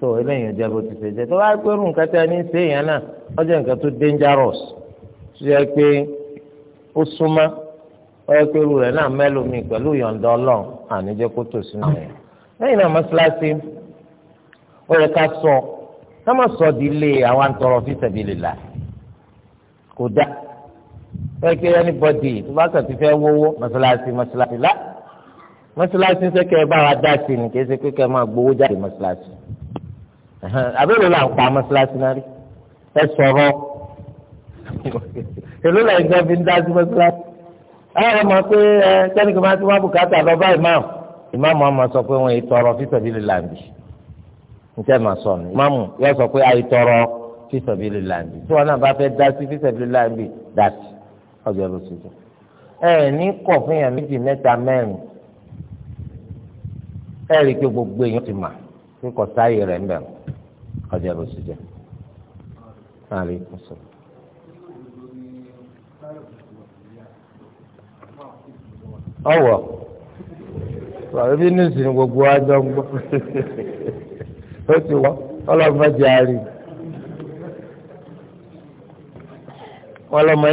S1: so eléyìí jẹ́ bó ti ṣe jẹ tó bá pé irú nǹkan ní èèyàn náà dangerous tó yẹ pé ó súnmọ́ yẹ pé irú rẹ̀ náà mẹ́lòmíì ó yẹ ká sọ ká má sọ di ilé àwọn àǹtọ̀rọ̀ fi sabilillah kò dá wọ́n ké anybody tó bá kàn ti fẹ́ wọ́wọ́ mọ́ṣáláṣí mọ́ṣáláṣí lá mọ́ṣáláṣí sẹ́kẹ̀ ẹ bá wa dá sí ni kì í ṣe pé kẹ́ ẹ máa gbowó jáde mọ́ṣáláṣí àbẹ̀rẹ̀ là ń pa mọ́ṣáláṣí náà rí ẹ sọ̀rọ̀ èló là ń gbẹ́ fi ń dá sí mọ́ṣáláṣí ẹ mọ̀ pé ẹ sẹ́ni kí n máa ti wá bùkátà lọ bá ìmáàmù ìmáàmù ọmọ sọ pé wọ́n ètò ọ̀rọ̀ fífẹ̀bí lè làǹbì níta máa sọ ní. ìmáàmù yóò sọ pé àìtọrọ fífẹ̀bílì láàbì tí wọn náà bá fẹ́ dá sí fífẹ̀bílì láàbì dá sí ọjọ́ ló ti sọ. ẹ ní kọ̀ fún yàn méjì mẹ́ta mẹ́rin ẹ rí i pé gbogbo èèyàn ti mà pé kò sáàyè rẹ̀ ń bẹ̀rù ọjọ́ ló ti jẹ́. ọwọ́ ebi ní ìsìn gbogbo ajọ ń gbọ́. ó ti wọ ọlọ́mọdé àárí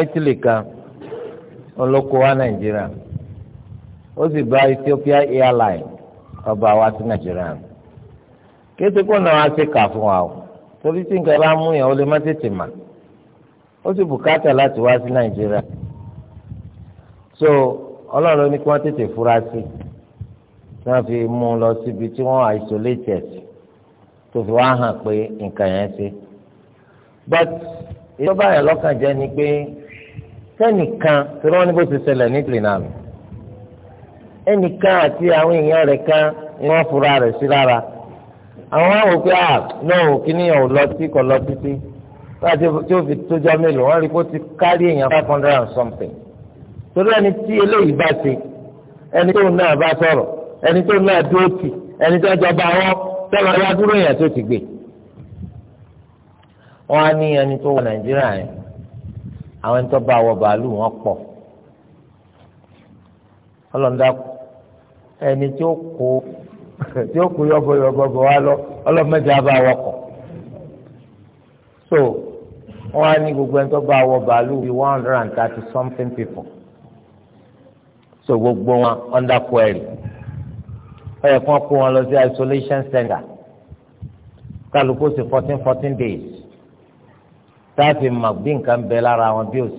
S1: Italy kan olóko wa Nàìjíríà ó sì bá Ethiopia airline ọba wa ti Nàìjíríà kété náà wá sí kà fún wa o torí tí nǹkan bá mú yẹn ó lè má tètè mà ó sì bùkátà láti wá sí Nàìjíríà so ọlọ́run ní kí wọ́n tètè fura sí na tí fi mú un lọ síbi tí tó fi wá hàn pé nǹkan yẹn ṣe but ìjọba yẹn lọ́kàn jẹ́ ni pé sẹ́nìkan tí wọ́n ní bó ti ṣẹlẹ̀ ní tìrìnàmù ẹnìkan àti àwọn èèyàn rẹ̀ kan ni wọ́n fura rẹ̀ sí lára àwọn àwọn pé à ah, náà kíní ò lọ sí kò lọ títí láti tí ó fi tójọ́ mélòó wọ́n rí kó ti kárí èèyàn five hundred and something torí ẹni tí eléyìí bá ṣe ẹni tó náà bá sọ̀rọ̀ ẹni tó náà dúró tì ẹni tó jọba wọn sẹ́wọ̀n ẹ̀rọ adúró yẹn tó ti gbé wọ́n á ní ẹni tó wọ nàìjíríà yẹn àwọn ẹni tó bá wọ bàálù wọn pọ̀ ọlọ́dà ẹni tí kó tí ó kó yọ̀bọ̀yọ̀bọ̀ bọ̀ wá lọ ọlọ́mọdé á bá wọkọ̀ so wọ́n á ní gbogbo ẹni tó bá wọ bàálù bíi one hundred and thirty something people so gbogbo wọn under query ó yẹ kí wọ́n kó wọn lọ sí isolation center kálukú sí fourteen fourteen days táàfin màgbé bí nǹkan bẹ lára wọn bí òsì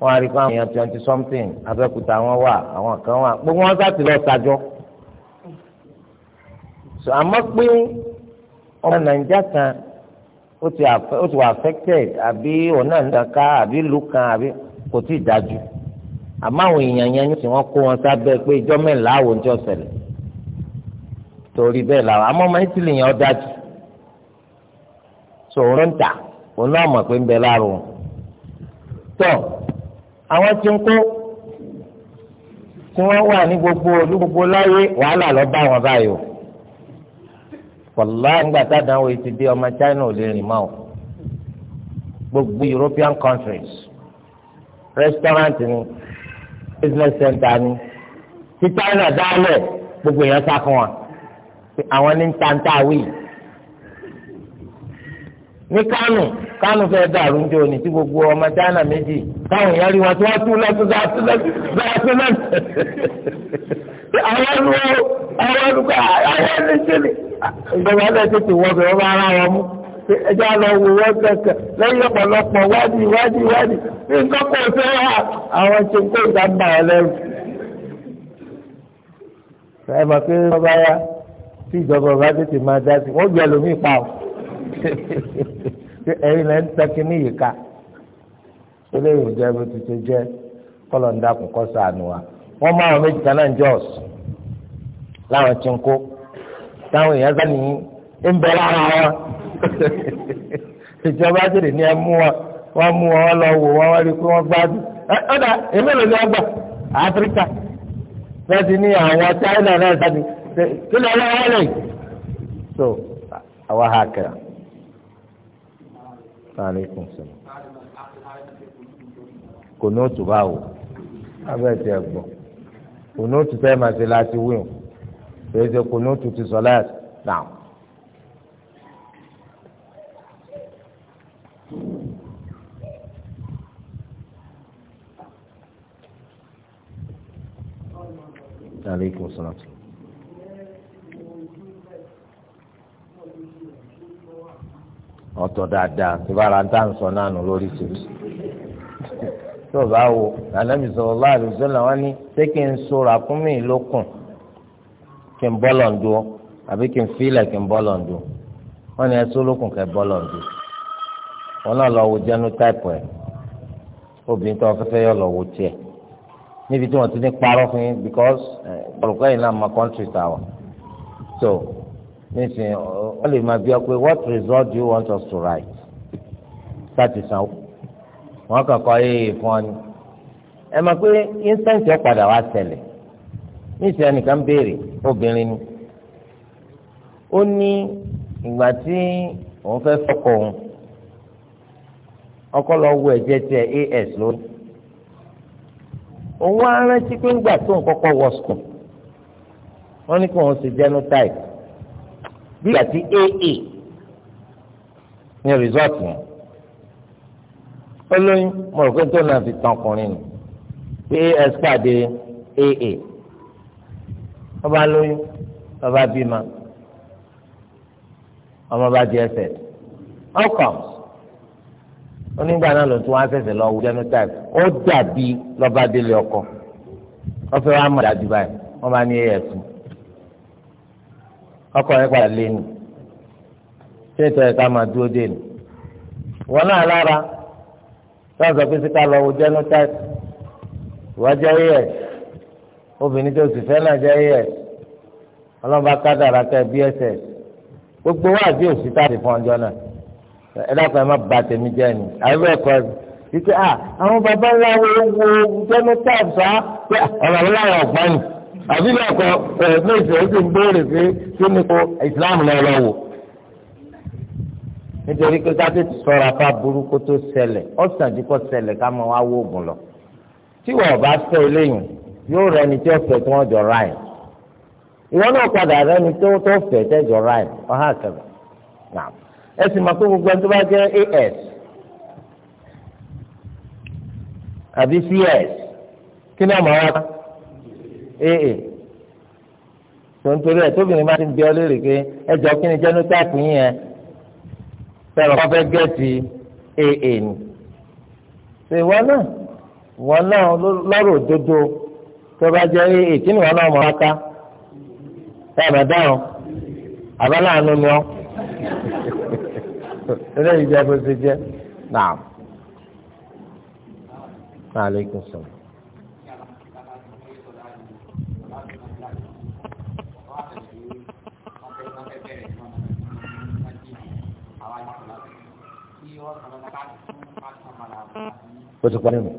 S1: wọn á rí pé àwọn èèyàn twenty something abẹ́kúta wọn wà àwọn kan wà gbogbo wọn sá ti lọ sájọ́ so àmọ́ pé ọmọ nàìjíríà kan ó ti àfẹ ó ti wà affected àbí ọ̀nà ìdàká àbí ìlú kan àbí kò tí ì dájú àmọ́ àwọn èèyàn yẹn ní tí wọ́n kó wọn sábẹ́ pé ìjọ́ mẹ́rin láàwọ̀ ní ọ̀sẹ̀ lẹ̀ torí bẹ́ẹ̀ làwọn àmọ́ ọmọ italy yẹn ọ̀dà jù sòwòrán ta òun náà mọ̀ pé ń bẹ láàrú tó àwọn tí ń kó tí wọ́n wà ní gbogbo olú gbogbo láyé wàhálà lọ bá wọn báyìí o wàláhì ńgbà tádàáwò yìí ti dé ọmọ China ò lè rìn mọ́ o gbogbo European countries restaurant ni business center ni tí China dálẹ̀ gbogbo èèyàn sá fún wa. àwọn ní tantawi ní kánò kánò fẹẹ dàrú ní òní tí gbogbo ọmọ dáná méjì táwọn èèyàn rí wọn tí wọn tú lọtún dáàtú lọtún àwọn ẹnu àwọn ẹnu pé àwọn ẹnu ṣẹlẹ̀ ìjọba ẹgbẹ́ tètè wọ bẹ wọn bá ara wọn mú ẹjọ́ lọ wo wọn kẹkẹ lẹ́yìn ọ̀pọ̀lọpọ̀ wádìí wádìí wádìí ní nǹkan kò fẹ́ wà àwọn ṣe ń kó ìdá ń bà ọ ẹ mọ̀ pé wọ́n bá yá. tí ìjọba ọba tètè máa dá sí wọ́n gbẹ lómi pa o ẹ̀yin lẹ́ ń tẹ́kí ní ìka eléyìí ò bó ti ṣe jẹ́ kọ́lọ̀ ń dákun sànù wa máa wọn méjì kan náà ń láwọn ń kó táwọn wọ́n mú wọn lọ wò rí kí ni ọlọ́wọ́ lè so àwa ha kẹ́ra aleykum salaam kò ní òtún bá wò abẹ́ ti ẹ̀ gbọ́ kò ní òtún fẹ́ẹ́ máa ṣe láti wí o kìí ṣe kò ní òtún ti sọ láti nà. aleykum salaam. ọ̀tọ̀ dáadáa tí bá ra ń tà ń sọ náà nù lórí tìrì tó o bá wo ànábì sallallahu alaihi wasallam wọn ní ṣé kí n so ràkúnmí lókùn kí n bọ́lọ̀ ń dúró àbí kí n fílẹ̀ kí n bọ́lọ̀ ń dúró wọn ní ẹsọ lókùn kẹ bọ́lọ̀ ń dúró wọn náà lọ wo genotype ẹ obìnrin tó fẹ́fẹ́ yọ lọ wo tiẹ̀ níbi tí wọ́n ti ní parọ́ fún yín because eh, ọ̀rùkọ́ yìí náà mọ country tàwa so nísìnyí wọ́n lè máa bí ọ pé what result do you want us to write láti sanwó wọ́n kàn kọ́ yéye fún ọ ni ẹ máa pé instant ẹ padà wá ṣẹlẹ̀ nísìnyí ẹnìkan béèrè obìnrin ni ó ní ìgbà tí òun fẹ́ fọkọ òun ọkọ lọ wọ ẹ̀jẹ̀ tẹ as lórí òun á rántí pé ńgbà tó ń kọ́kọ́ wọ sùkùn wọ́n ní kí òun ṣe genotype bí àti aa ní rìsọ́ọ̀tì yẹn olóyún mo rò pé tó náà fi tan ọkùnrin nù as pàdé aa ọba lóyún ọba bímọ ọmọ bá di ẹsẹ outcomes onígbà náà ló tún wá ṣẹ̀ṣẹ̀ lọ wú genotype ó dàbí lọ́ba délé ọkọ wọ́n fẹ́ wá mọ̀ dájú báyìí wọ́n bá ní as ọkọ rẹ padà lé ni ṣé ìtọ́ ẹ̀ka máa dúró dé ni wọn náà lára tó ń sọ pé síta lọ wo genotype wọ́n jẹ́ as obìnrin tó sì fẹ́ náà jẹ́ as ọlọ́mọba kádàrá kẹ́ bss gbogbo wa àti òsítà ti fún ọjọ́ náà ẹ dákun má bà tèmi jẹ́ ni àyẹ̀wò ẹ̀kọ́ yìí pé àwọn baba ńlá wo wo genotype sá pé ọ̀rọ̀ ńlá wọn ọ̀gbọ́n ni. àbí bẹ́ẹ̀ kọ́ ẹ̀ẹ́dẹ́ ìṣẹ́ ó ń béèrè pé kí ni Islam lọ lọ nítorí pé ká tètè sọ̀rọ̀ apá burúkú tó ṣẹlẹ̀ ọ̀sán àdìpọ̀ ṣẹlẹ̀ ká máa wá oògùn lọ. tí wọ́n bá fẹ́ eléyìí yóò rẹ ẹni tí ó fẹ́ tí wọ́n jọ ra ẹ̀. ìwọ náà padà rẹ ẹni tó tó fẹ́ tẹ́ jọ ra as àbí cs ee tontori ẹ tóbìnrin bá ti ń bí ọ léèrè pé ẹ jọ kí ni jẹnútàpù yín kọfẹ gẹẹsì ee ni ṣe ìwọ náà ìwọ náà lọ́rọ̀ òdodo tó bá jẹ ee náà mọ aka táàbà dáhùn abala àánú ni ọ eléyìí jẹ bó ṣe jẹ náà. Aleykum salaam. ó ti parí nù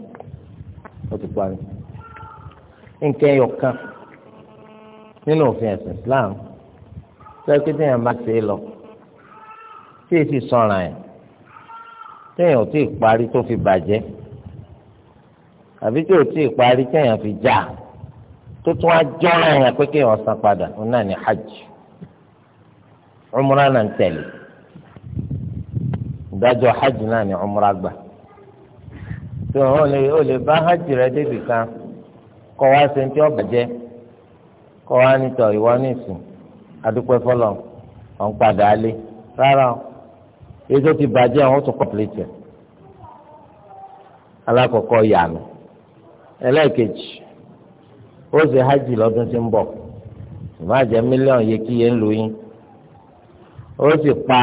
S1: ó ti parí nǹkan ẹyọ nínú òfin ẹ̀sìn Islam sọ́kí téèyàn bá ṣe é lọ tí èsì sọ̀ràn ẹ̀ téèyàn ò tí ì parí tó fi bàjẹ́ àbí tí ò tí ì parí téèyàn fi já tó tún á jọ́ràn yẹn pé kéèyàn san padà òun náà ní hajj umrah náà ń tẹ̀lé. ìdájọ́ hajj náà ni umra gbà tó o lè o lè bá hajj rẹ débi kan kọ́ wá ṣe ti ọ̀bà jẹ́ kọ́ wá nítọ̀ ìwọ nísìn adúpẹ́ fọlọ́ ọ̀n padà lé rárá o ti bàjẹ́ àwọn tó alákọ̀ọ́kọ́ ẹlẹ́ẹ̀kejì hajj lọ́dún tí ń bọ̀ mílíọ̀nù ó sì pa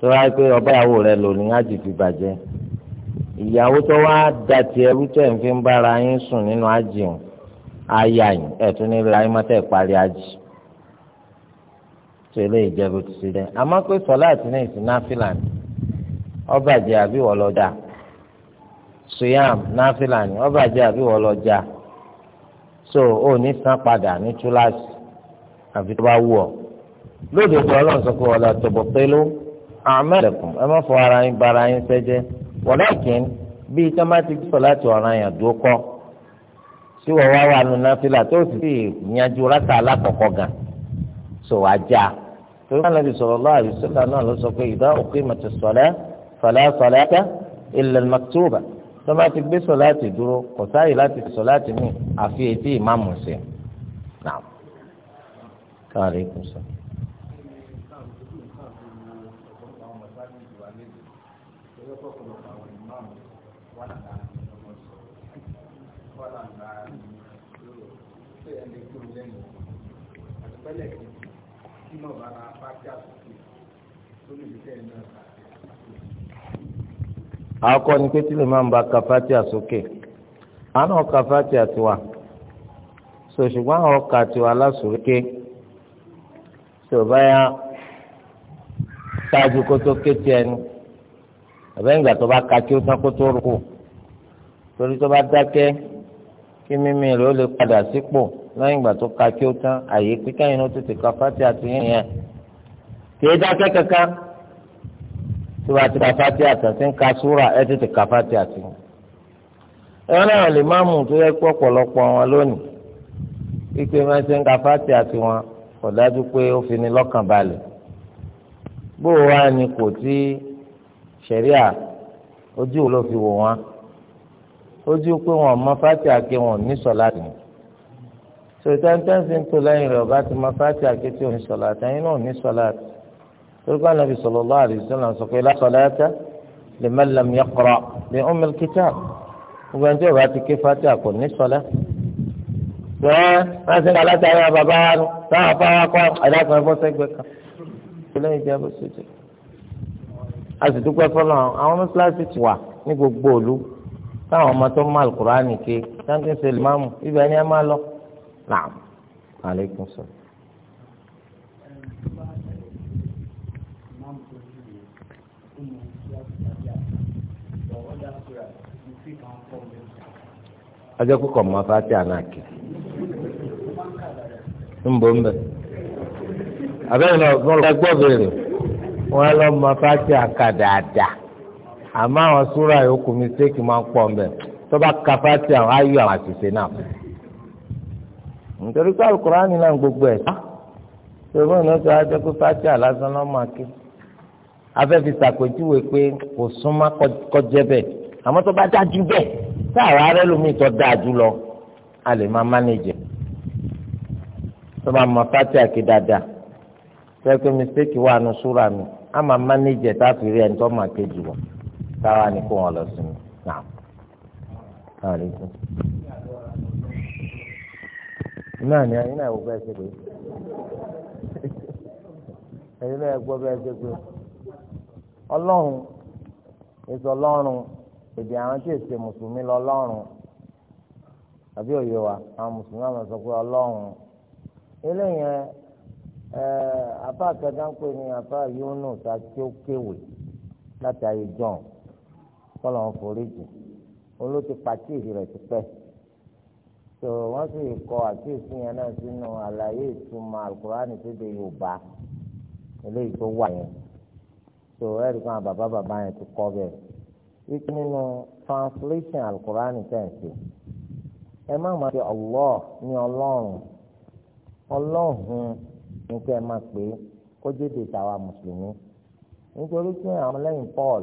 S1: tó wáyé pé ọba ìyàwó rẹ lò ní ájì fi bàjẹ́ ìyàwó tó wá da ti fi ń bára yín sùn nínú ájì ayé àyìn ẹ̀tún ní ra mọ́tẹ́ parí ájì tó ilé ìjẹ́bù ti sílẹ̀ àmọ́ pé sọlá àti ní ìsìn náfìlà ni ọbàjẹ́ àbí wọ́n lọ suyam náfìlà ni so ó ní san a'malakum ẹ má fọ ara yín bara yín sẹ́jẹ́ walakin bíi tomati sọ̀láàtì ọ̀ràn yẹn dúró kọ́ tí wọ́n wá wà nínú náfìlà tó sì yanjú rákà alákọ̀ọ́kọ́ gan so ajá torí wọn lọ́bi sallallahu alaihi wasallam náà ló sọ pé idha uqimatis salah fala salata illa al-maktuba tomati gbé sọ̀láàtì dúró kò sáyè láti sọ̀láàtì mi àfi etí ìmáàmù sí i. pẹ́lẹ̀ kan tí mọ̀ bára pàtí àsìkò tó lè fi tẹ́lẹ̀ náà pàtí àsìkò. àkọ́ ni pé tí lè máa ń ba kàfátì àsókè àánú kàfátì àtiwà so ṣùgbọ́n àwọn ọkà àtiwà lásòókè tó báyà ṣáájú kó tó ké tiẹ̀ ni àbẹ́ǹgbà tó bá ka kí ó tán kó tó rú torí tó bá dákẹ́ kí mímí rẹ̀ ó lè padà sípò. Si lẹ́yìn ìgbà tó ka kí ó tán àyè pínkẹ́ yìí ló tètè ka fati àti yín yẹn kì í dákẹ́ kankan tí wàá ti ka fati àtàn tí ń ka súra ẹ tètè ka fati àti yín. ẹ̀rọ náà lè má mú tó yẹ kó ọ̀pọ̀lọpọ̀ wọn lónìí pípé máa ṣe ń ka fati àti wọn kò dájú pé ó fi ní lọ́kàn balẹ̀ bó o wá ní kò tí ṣẹ̀ríà ojú ló fi wò wọn ojú pé wọn mọ fati àti wọn ní sọ láti sọ̀tẹ́ntẹ́nsì ń tó lẹ́yìn rẹ̀ ọba ti máa fàtì àkété òní sọ̀lá àtẹ̀yìn náà òní sọ̀lá torí bá nàbì sallallahu alaihi wasallam sọ pé la salata liman lam yaqra bi ummil kitab gbogbo ẹni tí ọba ti ké fàtì àkò ní sọ̀lá. ṣé wọ́n ṣe ń kálá táwọn bàbá wa nù táwọn afá wa kọ́ àdàkùn ẹ̀fọ́ sẹ́gbẹ́ kan. lẹ́yìn ìjà bó ṣe jẹ́ a sì dúpẹ́ fọlọ́ àwọn mọ́ṣáláṣí ti wà ní gbogbo òlu táwọn ọmọ tó نعم عليكم السلام ọjọ́ kúkọ̀ mọ́ fati anaki ń bọ̀ ń na abẹ́rẹ́ náà wọ́n lọ gbọ́ fati akadada àmọ́ àwọn súra yòókù mistake máa ń pọ̀ ń bẹ̀ ka fati àwọn ayọ̀ àwọn àṣìṣe náà nítorí pé alukurani náà gbogbo ẹ̀ sá ṣòro ní oṣù ajẹ́kú fátíà lásán lọ́ máa ké afẹ́fi ṣàpèjúwe pé kò súnmọ́ kọjẹ́ bẹ́ẹ̀ àmọ́ tó bá dájú bẹ́ẹ̀ sáàrà rẹ lómi tó dáa jù lọ a lè máa mánéjẹ tó bá mọ fátíà ké dáadáa tó yẹ pé mistake wà nù súra mi a máa mánéjẹ tá a fi rí ẹni tó máa ké jù lọ táwa ni kó wọn lọ sí mi náà náà ni ẹ̀yin náà wò bẹ́ẹ̀ ṣe pé ẹ̀yin náà gbọ́ bẹ́ẹ̀ ṣe pé ọlọ́run èso ọlọ́run èdè àwọn tí èsè mùsùlùmí lọ ọlọ́run àbí òye wa àwọn mùsùlùmí àwọn sọ pé ọlọ́run eléyẹn ẹ apá akẹ́dáńpé ni apá yónú ta tí ó kéwì látàrí john kọ́lọ̀ ń foríjì olóòtú pàtíìrì rẹ̀ ti pẹ́ so wọ́n sì kọ àkíyèsí yẹn náà sínú àlàyé ìtumọ̀ alukurani tó de yorùbá eléyìí tó wà yẹn so ẹ̀rí kan bàbá bàbá yẹn ti kọ́ bẹ́ẹ̀ wípé nínú translation alukurani tẹ̀sí ẹ má máa pe Allah ní ọlọ́run ọlọ́hun ní kẹ́ ẹ máa pè é kó jẹ́dẹ̀ tàwa mùsùlùmí nítorí pé àwọn lẹ́yìn Paul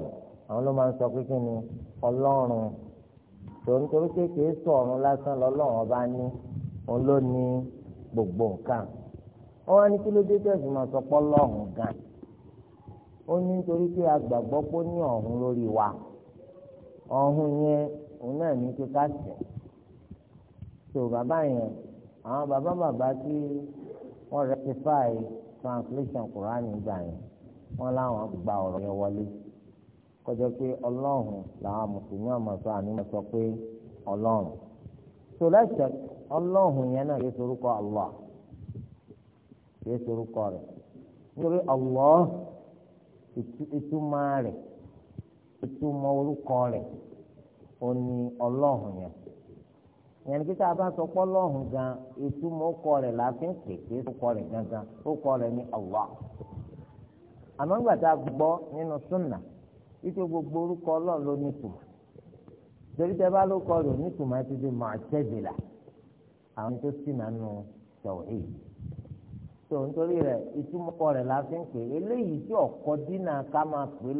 S1: àwọn ló máa ń sọ pé kí ni ọlọ́run tòun torí sọ ọ̀run lásán lọ́lọ́run ọba ní òun ló ní gbogbo nǹkan wọn wá ní kí ló dé tẹ̀sí máa sọ pọ́ lọ́hùn gan ó ní nítorí pé agbàgbọ́ pé ó ní ọ̀hún lórí wa ọ̀hún yẹn òun náà ní ká tó rectify translation Qur'an gbà yẹn wọ́n láwọn gba ọ̀rọ̀ yẹn wọlé. kọjá pé ọlọ́run làwọn mùsùlùmí àmọ̀sọ ànímọ̀ sọ pé ọlọ́run tó lẹ́sẹ̀ ọlọ́run yẹn náà yẹ sorúkọ Yesu yẹ sorúkọ rẹ̀ nítorí Allah ìtumọ̀ rẹ̀ ìtumọ̀ orúkọ rẹ̀ ó ọlọ́run yẹn yẹn ní kíkà bá sọ pé ọlọ́run gan ìtumọ̀ rẹ̀ láti ń ike gbogbo orúkọ ọlọ́run ló ní tù torí tẹ bá ló kọ ní tù máa ti di mọ̀ọ́tẹ́bìlà àwọn tó sì máa nu tọ̀wé tó nítorí rẹ̀ ìtumọ̀kọ rẹ̀ la fi ń pè eléyìí tí ọ̀kọ́ dínà ká máa pè rẹ̀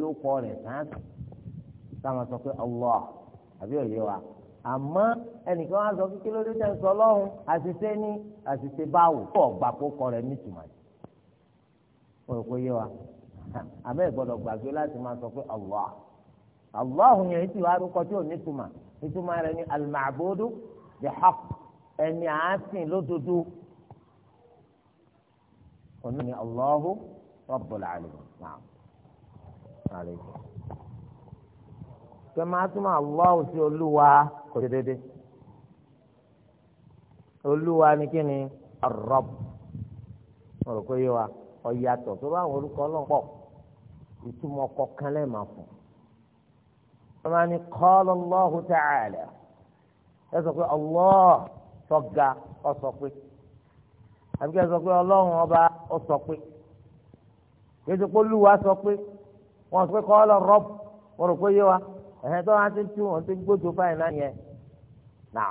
S1: sọ pé àbí òye wa àmọ́ ẹnìkan sọ pé kí ló dé ń sọ lọ́hùn àṣìṣe ní àṣìṣe báwò ọ̀gbà kó abẹ́ ìgbọ́dọ̀ gbàgbé láti máa sọ pé allah allah yẹn ti wá rúkọ tí ò ní tuma ìtumọ̀ rẹ̀ ni alimabodu the haq ẹni àásìn lódodo òní ni allahu rabbul alamin naam alaikum kẹmà túmọ̀ allahu sí olúwa kò ṣe déédéé olúwa ni kí ni arab mo rò pé yé wa. ọ̀yàtọ̀ tó bá wọn orúkọ náà pọ̀ ìtumọ̀ kọ̀ọ̀kan lẹ́ẹ̀ máa fún un wọ́n ní qala Allahu ta'ala ẹ sọ pé Allah sọ̀gà ọ sọ pé àbíkẹ́ sọ pé ọlọ́run ọba ọ sọ pé kéde polúwa sọ pé wọ́n sọ pé qala Rabb wọ́n rò pé yé wa ẹ̀hẹ́n tó wá ti wọ́n ti gbójú báyìí náà yẹn náà.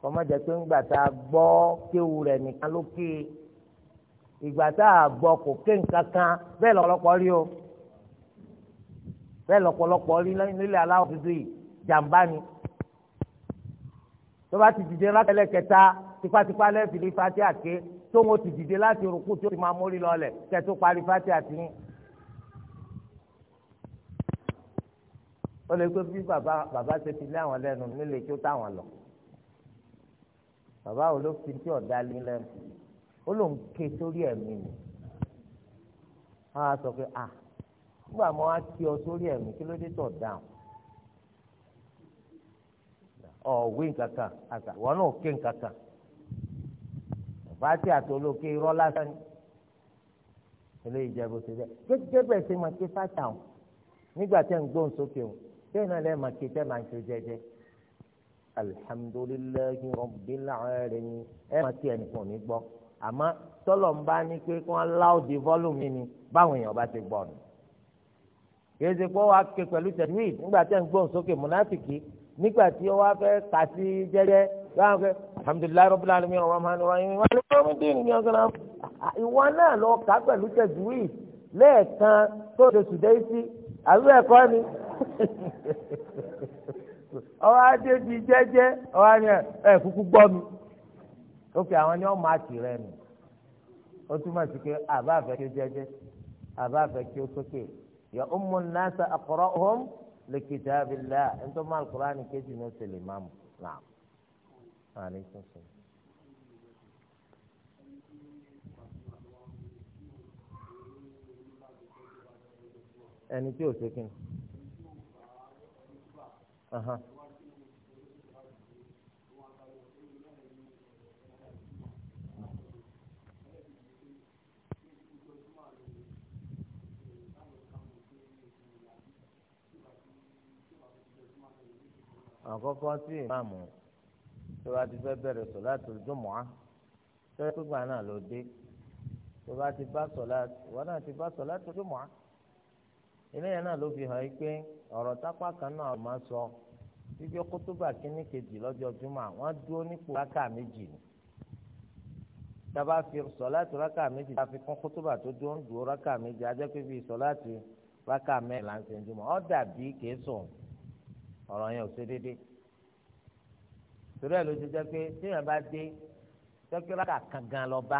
S1: kọ́mọ́jẹ́ pé ńgbà tá a gbọ́ kéwu rẹ̀ nìkan ló ké ìgbà tá a gbọ́ kò ké nǹkan kan bẹ́ẹ̀ lọ́pọ̀lọpọ̀ rí o bẹ́ẹ̀ lọ́pọ̀lọpọ̀ rí nílẹ̀ aláwọ̀ dúdú yìí jàǹbá ni tó bá ti dìde látẹlẹ kẹta tipátipá lẹ́sìn ní fati àké tó wọn ti dìde láti rúkú tó ti máa mórí lọlẹ̀ kẹtó parí fati àtìyìn. ó lè gbé bí bàbá bàbá ṣe ti lé àwọn lẹ́nu nílé tó táwọn lọ bàbá wo ló fi tí ọ̀dà lé lẹ́nu ó lòun ké sórí ẹ̀mí ni wọ́n á sọ pé à nígbà máa wá kí ọ sórí ẹ̀mí kí ló dé tọ̀ dáhùn ọ̀wé nkankan àgbà wọn náà ké nkankan bàbá tí àtolóke irọ́ lásán ni eléyìí jẹ́ bó ṣe jẹ́ gẹ́gẹ́ bẹ́ẹ̀ ṣe máa ké fáta o nígbà tẹ́ ń gbóhùn sókè o bẹ́ẹ̀ náà lẹ́ẹ̀ máa ké tẹ́ máa ń ṣe jẹ́jẹ́ alihamudulilayi rọbìlàrẹni ẹ máa tiẹ̀ nìkan ní gbọ́ àmọ́ tọ́lọ̀ ń bá ní pé kí wọ́n láòdì fọ́lùmù ni báwọn èèyàn bá ti gbọ́ ni. kìí ṣe pé wàá ké pẹ̀lú tẹ̀síwìd nígbà tẹ̀ ń gbóhùn sókè mùnáfìkì nígbà tí wọ́n fẹ́ kà sí jẹ́jẹ́ báwọn fẹ́ alihamudulilayi rọbìlàrẹni rọbìlàrẹni rọbìlàrẹni wọn ni kọ́mí dín ní ọ̀gá ìwọ náà lọ kà pẹ̀lú tẹ̀síwìd lẹ́ẹ̀kan tó ọwọ́ adé bi jẹ́jẹ́ ọwọ́ ni ẹ kúkú gbọ́ mi ó fi àwọn ní ọmọ àti rẹ nù ó túmọ̀ sí pé àbá àfẹ́ kí ó jẹ́jẹ́ àbá àfẹ́ kí ó sókè yà ó mú nàásà àkọ́rọ́ òhún lè kìtà abilà ẹni tó má àlùkò ránì kéjì ní ó lè má mu náà. ẹni tí ò ṣe kí ni àkọ́kọ́ tí ìmáàmù tó bá ti fẹ́ bẹ̀rẹ̀ sọ̀láàtì Jumu'ah tẹ́lẹ̀ pípa náà ló dé tó bá ti bá sọ̀láàtì wọn náà ti bá sọ̀láàtì Jumu'ah eléyà náà ló fi hàn yí pé ọ̀rọ̀ tápá kan náà ọ̀rọ̀ máa sọ fífi kótóbà kínní kejì lọ́jọ́ júmọ̀ wọ́n dúró nípò rákà méjì ni tábà fi sọ̀láàtì rákà méjì tá a fi kún kótóbà tó dúró ń dúró rákà méjì ajẹ́ pé bíi sọ̀láàtì rákà mẹ́rin là ń ṣe júmọ̀ ọ́ dàbí kẹsùn ọ̀rọ̀ yẹn ò ṣe déédé torí ẹ̀ ló ti jẹ́ pé téèyàn bá dé jẹ́ pé rákà kan gan lọ bá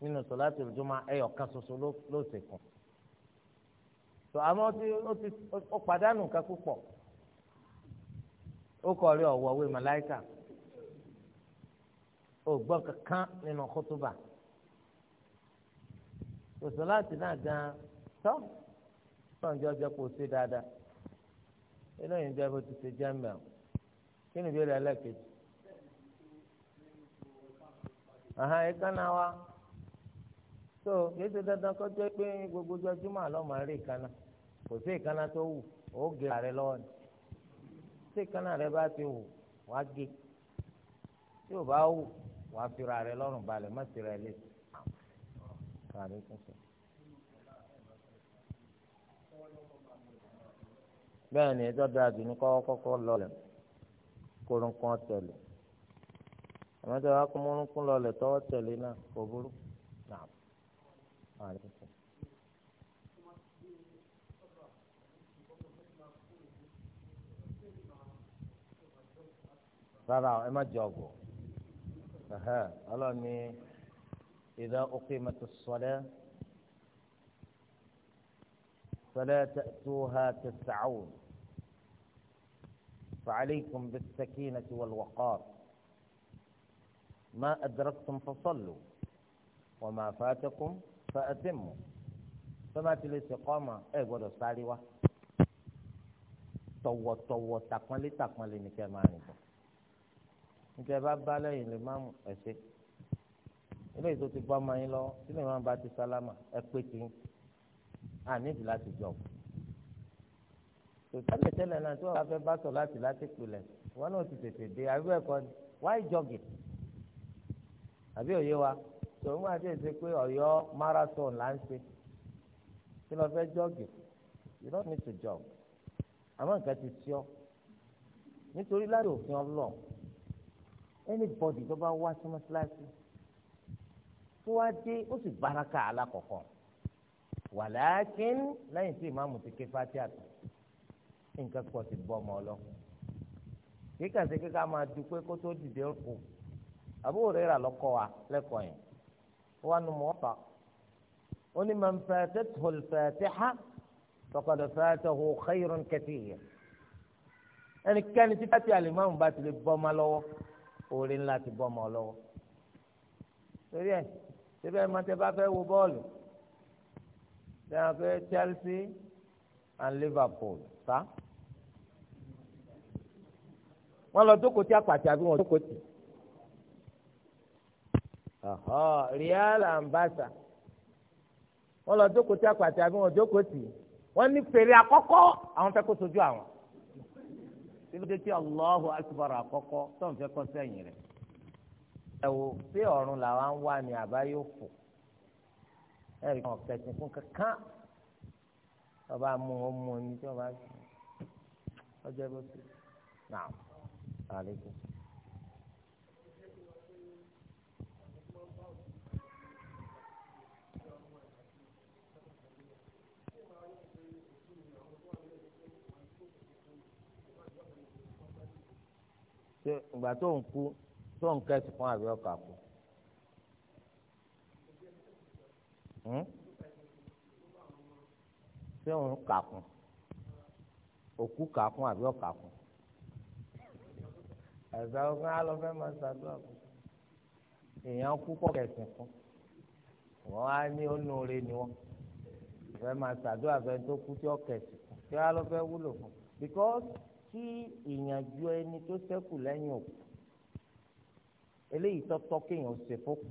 S1: nínú sọ̀láàtì júmọ̀ ẹyọ kan ṣoṣo ló ṣèkùn tó àmọ́ ó ti ó pàdánù nǹkan púpọ̀ ó kọ rí ọ̀wọ́ wé màláìkà ó gbọ́ kankan nínú kótóbà òsò láti náà gan tọ́ sọ̀njọ́ jẹ́ kó o ṣe dáadáa inú yìí ń jẹ́ bó ti ṣe jẹ́ mẹ́ọ̀ kí ni ìbéèrè ẹlẹ́kejì. ẹ̀ka náà wá so kìí ṣe dandan kó jẹ́ pé gbogbo jọjúmọ́ àlọ́ máa rí ìkànnà kò sí ìkànnà tó wù ó gé ààrẹ lọ́wọ́ ni tí ìkànnà rẹ bá ti wù wá gé tí ò bá wù wá fira rẹ lọ́rùn balẹ̀ má fira ẹ lé. bẹ́ẹ̀ ni ẹjọ́ da àdùnnú kọ́kọ́ kọ́kọ́ lọlẹ̀ kórun kan tẹ̀lé àmọ́ tí wàá kó mọ́rún kún lọlẹ̀ tọ́wọ́ tẹ̀lé náà kò burú. وعليكم السلام rárá ẹ má jẹ ọgọ ọlọ́ni ìdá uqimatu s-salah fala ta'tuha tas'awun fa'alaykum bis-sakinati wal-waqar ma adraktum fasallu wa ma fatakum. fa atimmu tọ́ba ti lè ṣèkọ́mà ẹ gbọ́dọ̀ sáré wá tọ̀wọ̀tọ̀wọ̀ tàpọ́nlé tàpọ́nlé ní kẹ́ máa rìn bọ̀ níta ẹ bá bá lẹ́yìn lè má mú ẹ̀ṣẹ́ ilé ètò ti bọ́ ọmọ yín lọ tí lè má ba ti sálámà ẹ pé kí á nídìí láti jọ tòtẹ́lẹ̀ tẹ́lẹ̀ náà tí wọ́n bá fẹ́ bá sọ láti láti pilẹ̀ wọn náà ti tètè dé àbí ẹ̀kọ́ wáyé jọ̀gì àbí òye wa sọ̀rọ̀ àti ẹ̀sẹ̀ pé ọ̀yọ́ marathon là ń ṣe kí lọ fẹ́ jọ́ọ̀gì you don't need to jog àmọ́ nǹkan ti tí ọ́ nítorí láti òfin ọlọ́ anybody tó bá wá sí mọ́ṣáláṣí tó wá dé ó sì baraka alákọ̀ọ́kọ́ wàlákin lẹ́yìn tí ìmáàmù ti ké fati àtọ̀ nǹkan pọ̀ ti bọ́ ọmọ ọlọ́ kíkà sí kíkà máa dúpẹ́ kó tó dìde kù àbúrò rẹ̀ rà lọ́kọ́ wa lẹ́kọ̀ọ́ yẹn wọn nu mọ́fà ó ní man fatathu al-fatiha faqad fatahu khayrun kathir ẹnikẹ́ni tí fati alimami bá ti lè bọ́ ọmọ lọ́wọ́ oore ńlá ti bọ́ ọmọ lọ́wọ́ torí ẹ síbẹ̀ mọ́tẹ́ bá fẹ́ wo bọ́ọ̀lù ṣé wọn fẹ́ Chelsea and Liverpool sá wọ́n lọ dókòtì àpàtì àbí wọ́n dókòtì. Real Ambassa wọ́n lọ jókòó tí àpàtì àbí wọ́n jókòó tì wọ́n ní fèrè àkọ́kọ́ àwọn fẹ́ kó sojú àwọn síbi tí Allahu Akbar àkọ́kọ́ tó ń fẹ́ kọ́ sẹ́yìn rẹ̀ ẹ wo sí ọ̀run làwa ń ní kẹsìn fún kankan ọba mú un mú un ní tí wọ́n bá ọjọ́ ṣe ìgbà tó ń kú tó ń kẹsì fún àbí ọkà kú. Hmm? ṣé òun kà kún òkú kà kún àbí ọkà kún. ẹ̀sà ogun á lọ fẹ́ máa ṣàdúrà kù èèyàn kú kọ́ kẹsì fún wọ́n á ní onúure ni wọ́n fẹ́ máa ṣàdúrà fẹ́ tó kú tí ọ̀kẹsì fún kí á wúlò fún because sí ìyànjú ẹni tó ṣẹ́kù lẹ́yìn òkú eléyìí tọ́tọ́ kéèyàn ṣe fókù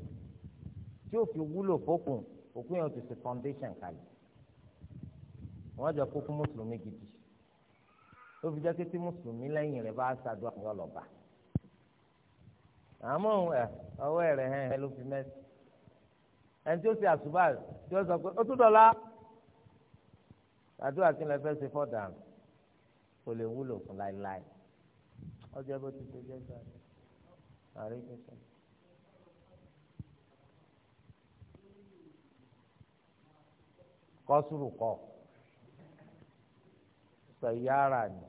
S1: tí ó fi wúlò fókù òkú yẹn ti ṣe foundation kalẹ̀ wọ́n jọ kókó mùsùlùmí gidi tó fi jẹ́ pé tí mùsùlùmí lẹ́yìn rẹ̀ bá ṣàdúrà yọ lọ́ba àmọ́ ẹ ọwọ́ ẹ̀rẹ̀ hẹ́n ẹ ló fi mẹ́sì ẹni tí ó ṣe àṣùbà tí ó sọ pé ó tún dọ̀la àdúrà kí n lè fẹ́ ṣe fọ́ dànù kò lè wúlò fún láéláé ọjọ́ bó ti ṣe jẹ́ gbà àrí kẹsàn. kọ́sùrù kọ́ sọ̀yàrá ni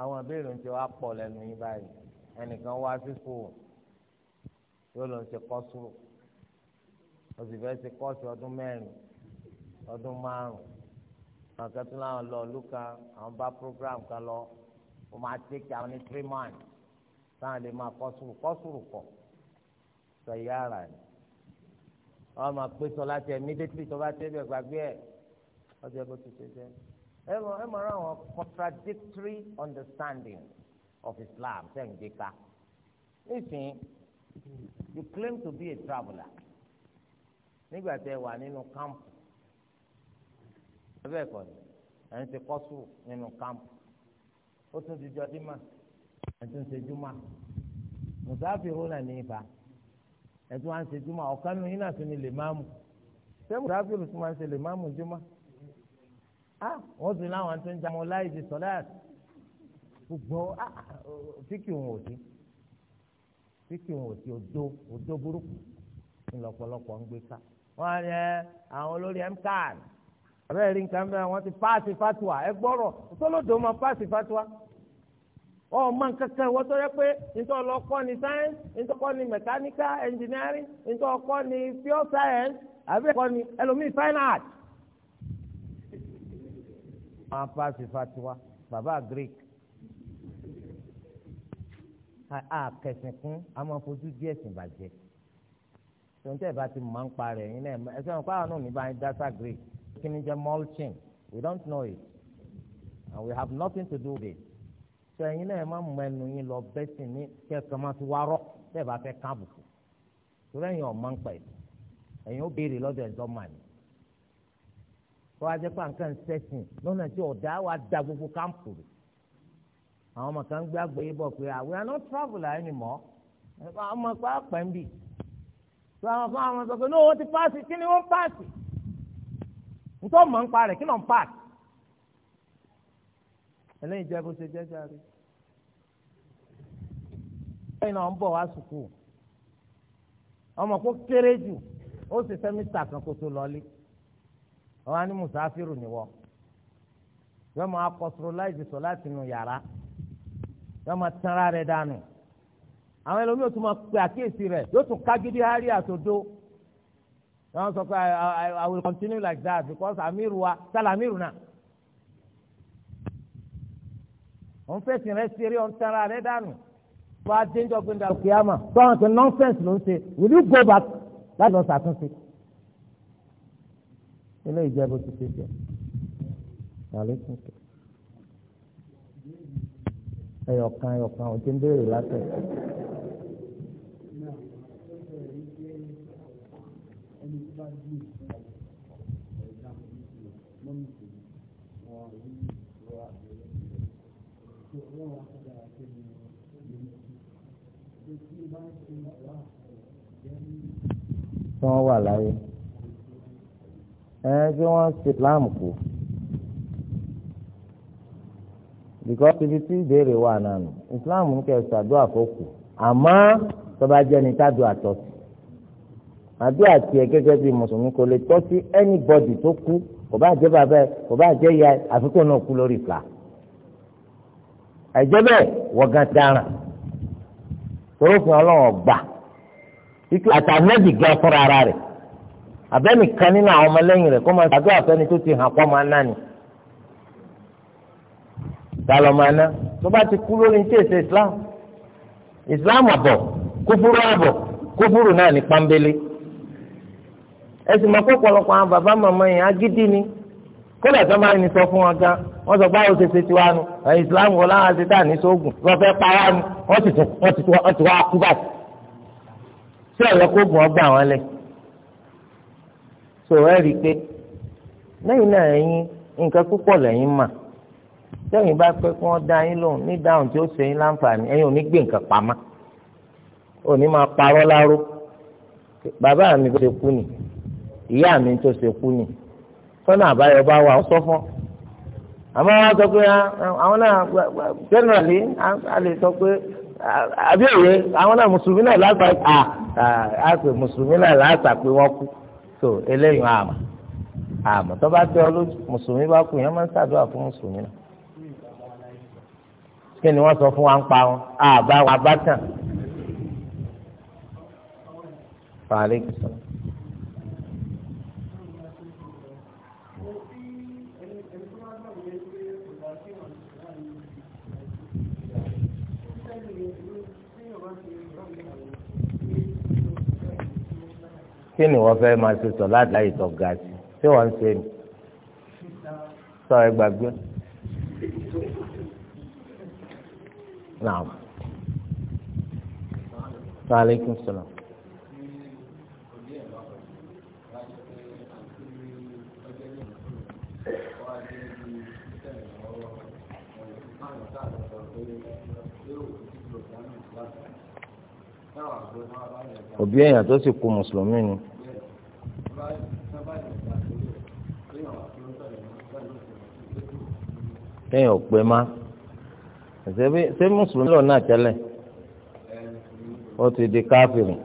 S1: àwọn ìbéèrè ń ti wá pọ̀ lẹ́nu yín báyìí ẹnìkan wá sí skul yóò lọ ṣe kọ́sùrù ó sì fẹ́ ṣe kọ́ọ̀sì ọdún mẹ́rin ọdún márùn-ún àwọn kan tún lọ ìlú àwọn bá program kan lọ wọ́n máa tẹ́kì àwọn ní three months táwọn lè máa kọ́sùrù kọ́sùrù pọ̀ sọ ìyá ara ni wọ́n máa pé sọ láti ẹ̀ immediately tó bá tẹ́lẹ̀ gbàgbé ẹ̀ ọjọ́ bó ti ṣe jẹ́ ẹ mọ̀ ẹ mọ̀ àwọn contradictory understanding of Islam sẹ́ǹdé nísìnyí you claim to be a traveller nígbà tẹ́ wà nínú kámpù ẹbẹ kọ ni ẹni tí kọsù nínú kámpù ó tún ti jọ dímà ẹni tó ṣe júmà mùsàfìrù náà ní ibà ẹni tó ń ṣe júmà ọ̀kan nínú yín náà tún ní lè máa mú ṣé mùsàfìrù tún máa ń ṣe lè láwọn láì di gbogbo fíkì òun ò sí fíkì òun ò sí odó abẹ́rẹ́ rí nǹkan mẹ́ta wọ́n ti páàsì fatuwa ẹ gbọ́rọ̀ sọlọ́dọ̀ ọmọ páàsì fatuwa ọmọ kankan wọ́n tọ́jú pé nítorí ọlọ́kọ́ ni science nítorí ọkọ́ ni mechanical engineering nítorí ọkọ́ ni pure science àbí ọkọ́ ni ẹlòmíì fine art. wọ́n páàsì fatuwa bàbá greek àkẹsìn kún a máa fojú díẹ̀ sìn bàjẹ́ tòun tẹ́ ẹ bá ti máa ń parẹ́ yín náà ẹ sọ wọn pé àwọn náà ní bá ń dá sá greek kí mulching we don't know it and we have nothing to do with it So ẹ̀yin náà ẹ má mọ ẹnu yín lọ bẹ́ sí ní kẹ́kọ̀ọ́ máa ti wá rọ́ bẹ́ẹ̀ bá fẹ́ ká àbùkù torí ẹ̀yin ọ̀mọ́ ń pẹ̀ ẹ̀yin ó béèrè lọ́dọ̀ ẹ̀dọ́ mà ní. tó a jẹ́ pé à ń kàn sẹ́sìn lọ́nà tí ọ̀dà wa da gbogbo káàmpù rẹ̀ àwọn ọmọ kan gbé àgbẹ̀ bọ̀ pé ah, we are not traveller anymore ọmọ pàápàá ń bì tó àwọn fún àwọn sọ pé ní owó ti pàṣẹ kí ni wọ́n pàṣẹ Ntọ́ mọ̀ ń pa rẹ̀ kí ló ń pa jẹ́ bó ṣe jẹ́ ẹ̀yin náà ń bọ̀ wá sùkúù ọmọ kó kéré jù ó sì fẹ́ mítà kan kó tó lọlé ọmọ ní mùsàáfírù yọ máa láìsí sọ yàrá yọ máa dànù àwọn ẹlòmíràn tún máa pe àkíyèsí rẹ̀ yóò tún kágídí wọ́n sọ pé i will continue like that because amiru wa sálàmìrù náà òun fẹsẹ̀ rẹ ṣeré ọ̀n tara rẹ dànù fún adéńjọ gbẹndà kìámà tọ́wọ́n pé nonsense ló ń ṣe will you go back láti lọ ṣàtúnṣe ilé ìjẹ́bù ti ṣe jẹ́ àlékún kẹ. ẹyọkan ẹyọkan ò ti ń béèrè látẹ̀. ẹni tó bá dé ìfẹ́ tí wọ́n wà láyé ẹ ṣé wọ́n ṣe Islam kù because ibi tí ìbéèrè wà nánu Islam ń kẹ́ ṣàdúrà fókù àmọ́ tó bá jẹ́ ni tá a dùn àbí àti ẹ gẹ́gẹ́ bíi mùsùlùmí kò lè tọ́ sí anybody tó kú kò bá jẹ́ bàbá ẹ kò bá jẹ́ ìyá ẹ àfikún náà kú lórí ìfà ẹ̀jẹ̀ bẹ́ẹ̀ wọ̀gán dáràn torófin ọlọ́wọ̀n gbà ikú àtànẹ́bì gan fúnra ara rẹ̀ abẹ́nìkan nínú àwọn ọmọlẹ́yìn rẹ̀ kó máa tàbí àfẹ́ni tó ti hàn pọ́ máa ná ni dalọ máa ná tó bá ti kú lórí ní tẹ̀sẹ̀ Islam Islam àbọ̀ kúfúrú àbọ̀ kúfúrú náà ní pọ́nbélé ẹsìn mọ pọpọlọpọ àwọn bàbá màmá yẹn agídí ni kódà tó máa ní sọ fún wọn gan wọn sọ báwo ṣe ṣe tiwa nu ẹyìn islam wọn láwọn ṣe tà ní sóògùn wọn fẹẹ para nu wọn ti tún wọn ti tún wọn ti wá kú báyìí sí ọ̀yọ́ ọgbà wọn lẹ̀ so ẹ rí i pé lẹ́yìn náà ẹ̀yin nǹkan púpọ̀ lẹ́yìn mà sẹ́yìn bá pẹ́ kí wọ́n dá yín lóhùn ní dáhùn tí ó ṣe yín láǹfààní ẹ̀yin ò ní gbé nǹkan pamọ́ ò ní máa parọ́ láró bàbá mi kò ṣe kú nìyí ìyá mi tó ṣe kú ni sọ́nà àbáyọ bá wà ó sọ fún àmọ́ wọn sọ pé àwọn náà generally a lè sọ pé àbíòye àwọn náà mùsùlùmí náà láti à pé mùsùlùmí náà láti pé wọ́n kú tó eléyìí àmọ́ àmọ́ tó bá tẹ ọ lójú mùsùlùmí bá kú yẹn máa ń ṣàdúrà fún mùsùlùmí náà kí ni wọ́n sọ fún wa ń pa wọn àbá wọn abá tàn. Fàálẹ́ kìsọ́nù. kí ni wọ́n fẹ́ máa ṣe sọ láti láyé tó ga sí ṣé wọ́n ń ṣe ni sọ ẹ gbàgbé naam. Wa salaam. òbí èèyàn tó sì kú mùsùlùmí ni. kéèyàn ò pé má ṣé mùsùlùmí lọ náà tẹ́lẹ̀ ó ti di káfíìrì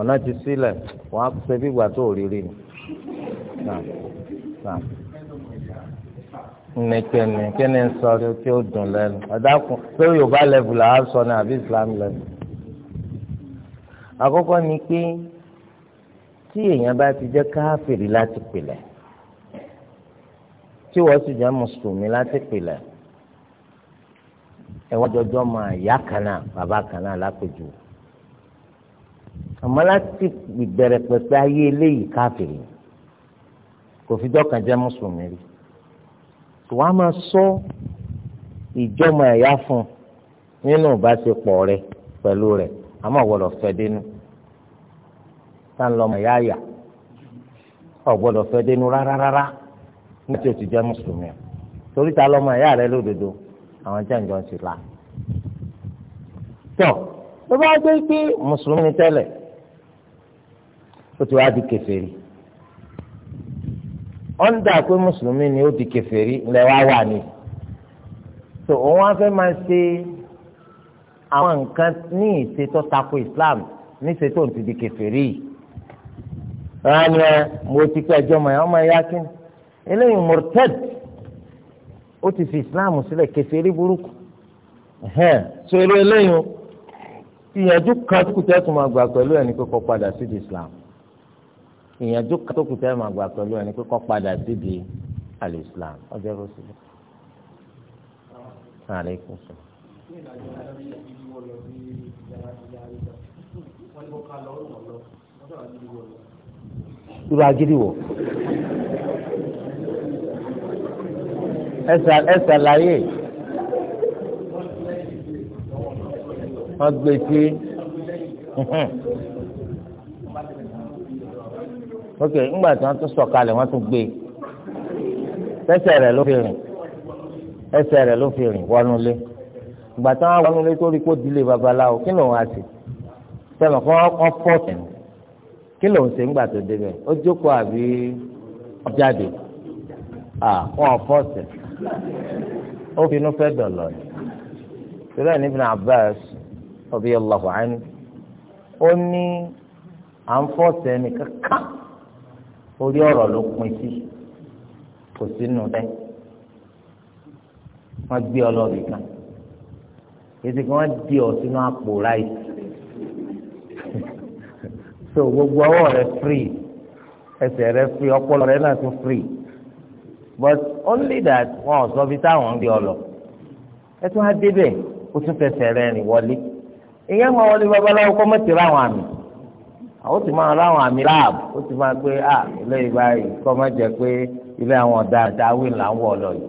S1: ọ̀nà ti sílẹ̀ wọ́n á ṣe bí ìgbà tó rí rí ni. nìkẹ́ni kí ni sọ tí ó dùn lẹ́nu ọ̀dà kún pé Yorùbá lẹ́bù là sọ ní àbí Islam lẹ́bù àkọ́kọ́ ni pé tí èèyàn bá ti jẹ́ káfìrí láti pìlẹ̀ tí wọ́n sì jẹ́ mùsùlùmí láti pìlẹ̀ ẹ wọ́n jọjọ́ máa yá kaná bàbá kaná lápèjù àmọ́ láti ìbẹ̀rẹ̀ pẹ̀pẹ̀ ayé eléyìí káfìrí kò fi dọ́kàn jẹ́ mùsùlùmí rí wọ́n máa sọ ìjọ́mọ̀ ẹ̀yá fún nínú ìbáṣepọ̀ rẹ pẹ̀lú rẹ̀ àmọ́ ọgbọdọ fẹ́ dénú tá ń lọ ọmọ ìyá àyà ọ̀gbọ́dọ̀ fẹ́ dénú rárá rárá nítorí o ti jẹ́ mùsùlùmí o torí ta lọ́mọ ìyá rẹ lódodo àwọn jẹ́ ǹjọ́ ń ti la. tọ tó bá gbé pé mùsùlùmí ni tẹ́lẹ̀ ó ti wá di kèfèrí wọ́n pé mùsùlùmí ni ó di kèfèrí lẹ́wà wà ní. tó òun wá fẹ́ máa ṣe. àwọn nǹkan ní ìṣètò tako islam ní ìṣètò ti di kèfèrí yìí rárá ni ẹ mo ti pé ẹjọ́ mọ̀ ẹ́ ọmọ ẹ̀yà kí ni eléyìí murtad ó ti fi islam sílẹ̀ kèfèrí burúkú so eré eléyìí ìyànjú kan tó kù tẹ́ tó máa gbà pẹ̀lú ẹni pé kó padà sí di islam ìyànjú kan tó kù tẹ́ máa gbà pẹ̀lú ẹni pé kó padà sí di Islam. ọjọ́ rọ́ṣílẹ̀. Aleykum salaam ní ìlàjọ adábíyà bí wọ́n lọ sí yàrá ìyá àríjà wọ́n ẹ ṣàlàyé wọ́n gbé sí ok ńgbà tí wọ́n tún sọ̀kalẹ̀ wọ́n tún gbé ẹsẹ̀ rẹ̀ ló fi rìn ẹsẹ̀ rẹ̀ ló fi rìn wọnú lé ìgbà tí wọ́n wọnú létí orí kó dilé babaláwo kí ló ń wá sí sẹ́mi kọ́ ọ́ fọ́ sẹ́mi kí ló ń ṣe ńgbà tó débẹ̀ ó jókòó àbí ọ̀jáde wọn ò fọ́ sẹ́mi ó fi inú fẹ́ dọ̀lọ́ ni sọ́dọ̀ ní Ibn Abbas radiyallahu anhu ó ní à ń fọ́ sẹ́mi kankan orí ọ̀rọ̀ ló pin sí kò sínú rẹ̀ wọ́n gbé ọ kan èsì kí wọ́n di ọ̀ sínú àpò ráìsì so gbogbo ọwọ́ rẹ free ẹsẹ̀ rẹ free ọpọlọ rẹ náà tún free but only that wọn ò sọ bí táwọn ń di ọ lọ ẹ tún á débẹ̀ ó tún fẹsẹ̀ rẹ rìn wọlé ìyẹn máa wọlé babaláwo kọ́ mọ́tì ráwọn àmì ó ti máa ráwọn àmì láàb ó ti máa pé à ah, ilé ìgbà yìí kọ́ má jẹ pé ilé àwọn ọ̀daràn dáwìn là ń wọ̀ lọ yìí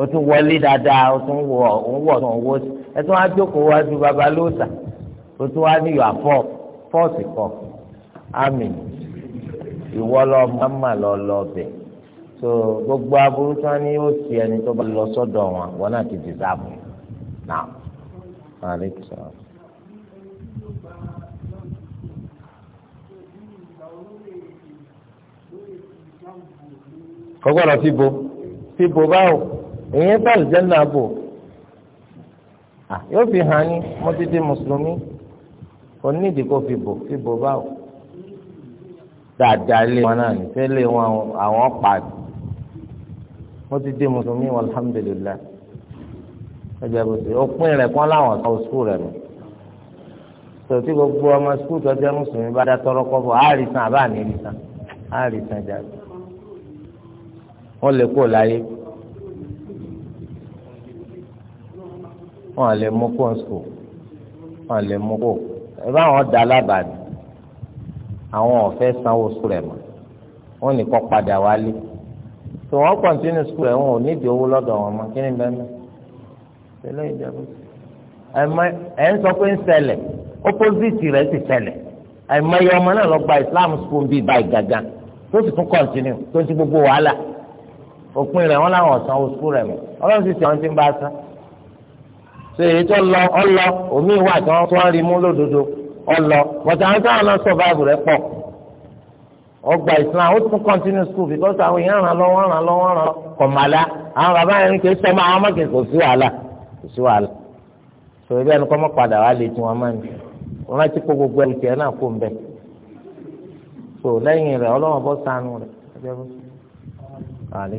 S1: ó tún wọlé dáadáa ó tún wọ̀ ó ń wọ̀ tó ń wọ́ sí ẹtún wá jókòó wá ju baba lóòótá tó tún wá níyọ àfọ fọọsì kọ àmì ìwọ lọ mọmọ lọ lọ bẹ tó gbogbo aburú tí wọn ní yóò ti ẹni tó bá lọ sọ́dọ̀ wọn wọn náà ti dì sáàbù náà àríkìsọ. kọ́kọ́ lọ sí bo sí bo báwo èyí ń sàlùjẹ́ náà bò yóò fi hàn ní mo ti di mùsùlùmí kò ní ìdí kó fi bò fi bò báwò dáadáa ilé wọn náà ní tẹ́lẹ̀ wọn àwọn pàdé mo ti di mùsùlùmí alhamdulilayi ẹgbẹ́ bó ti òpin rẹ̀ kọ́ láwọn ọ̀sán sùkúù rẹ̀ mi tòtí gbogbo ọmọ sùkúù tó jẹ́ mùsùlùmí bá dá tọrọ kọ́ bọ̀ àárí san àbá ní ìrì san jáde wọ́n lè kó láyé. wọn lè mú kó nsò wọn lè mú kó ẹ bá wọn da alábàáni àwọn ọ̀fẹ́ sanwó sùkúl ẹ̀ mọ́ wọn ní kọ́ padà wálé tó wọn kọ́ntínú sùkúl ẹ̀ wọn ò nídìí owó lọ́dọ̀ wọn mọ́ kí ni bẹ́ẹ̀ mọ́ tẹ́lẹ̀ ìjọba ẹ̀mọ́ ẹ̀ ń sọ pé ń ṣẹlẹ̀ opposite rẹ̀ ti ṣẹlẹ̀ ẹ̀mọ́ ẹ̀yọ ọmọ náà lọ gba Islam school bíi báyìí gàgán tó sì tún kọ́ntínú tó ti gbogbo wàhálà òpin rẹ̀ wọn láwọn ọ̀sán owó sùkúl rẹ̀ mọ́ ọlọ́run sì sọ so èyí tó lọ ọlọ omi wà tí wọn tó ń rí mú lódodo ọlọ bọtà àwọn táwọn náà sọfáàbù rẹ pọ ọgbà islam ó tún continue school because àwọn èèyàn ràn lọ́wọ́ ràn lọ́wọ́ ràn kọ̀mọ̀lá àwọn bàbá yẹn kì í sọ ma àwọn mọ̀kì kò sí wàhálà kò sí wàhálà so ebi ẹni kọ́ mọ́ padà wá lè tiwọn mọ́ ni wọn rántí kó gbogbo ẹni tiẹ̀ náà kó ń bẹ̀ so lẹ́yìn rẹ̀ ọlọ́wọ́n bọ́ sánú rẹ̀ ọjọ́ bọ́ sánú.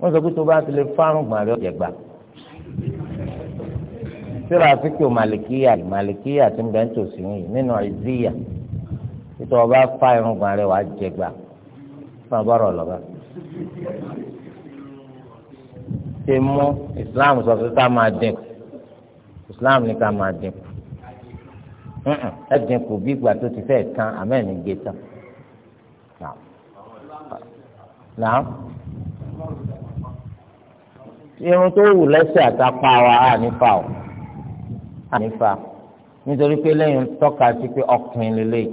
S1: wọ́n sọ pé tó bá ti lè fárùn gbà rẹ̀ ọ̀jẹ̀ gbà. síra àfikún màlìkíyà màlìkíyà ti ń bẹ́ẹ̀ tòsí yìí nínú ìzíyà títọ́ ọba fá irun gbà rẹ̀ wàá jẹ gbà fún abọ́rọ̀ lọ́ba. ṣe mú Islam sọ pé ká máa dínkù Islam ní ká máa dínkù ẹ dínkù bí ìgbà tó ti fẹ́ tán àmẹ́ni gbé tán. Naam irun tó wù lẹ́sẹ̀ àtàpá wa ànífà o ànífà nítorí pé lẹ́yìn tọ́ka sí pé ọkùnrin lélẹ́yìí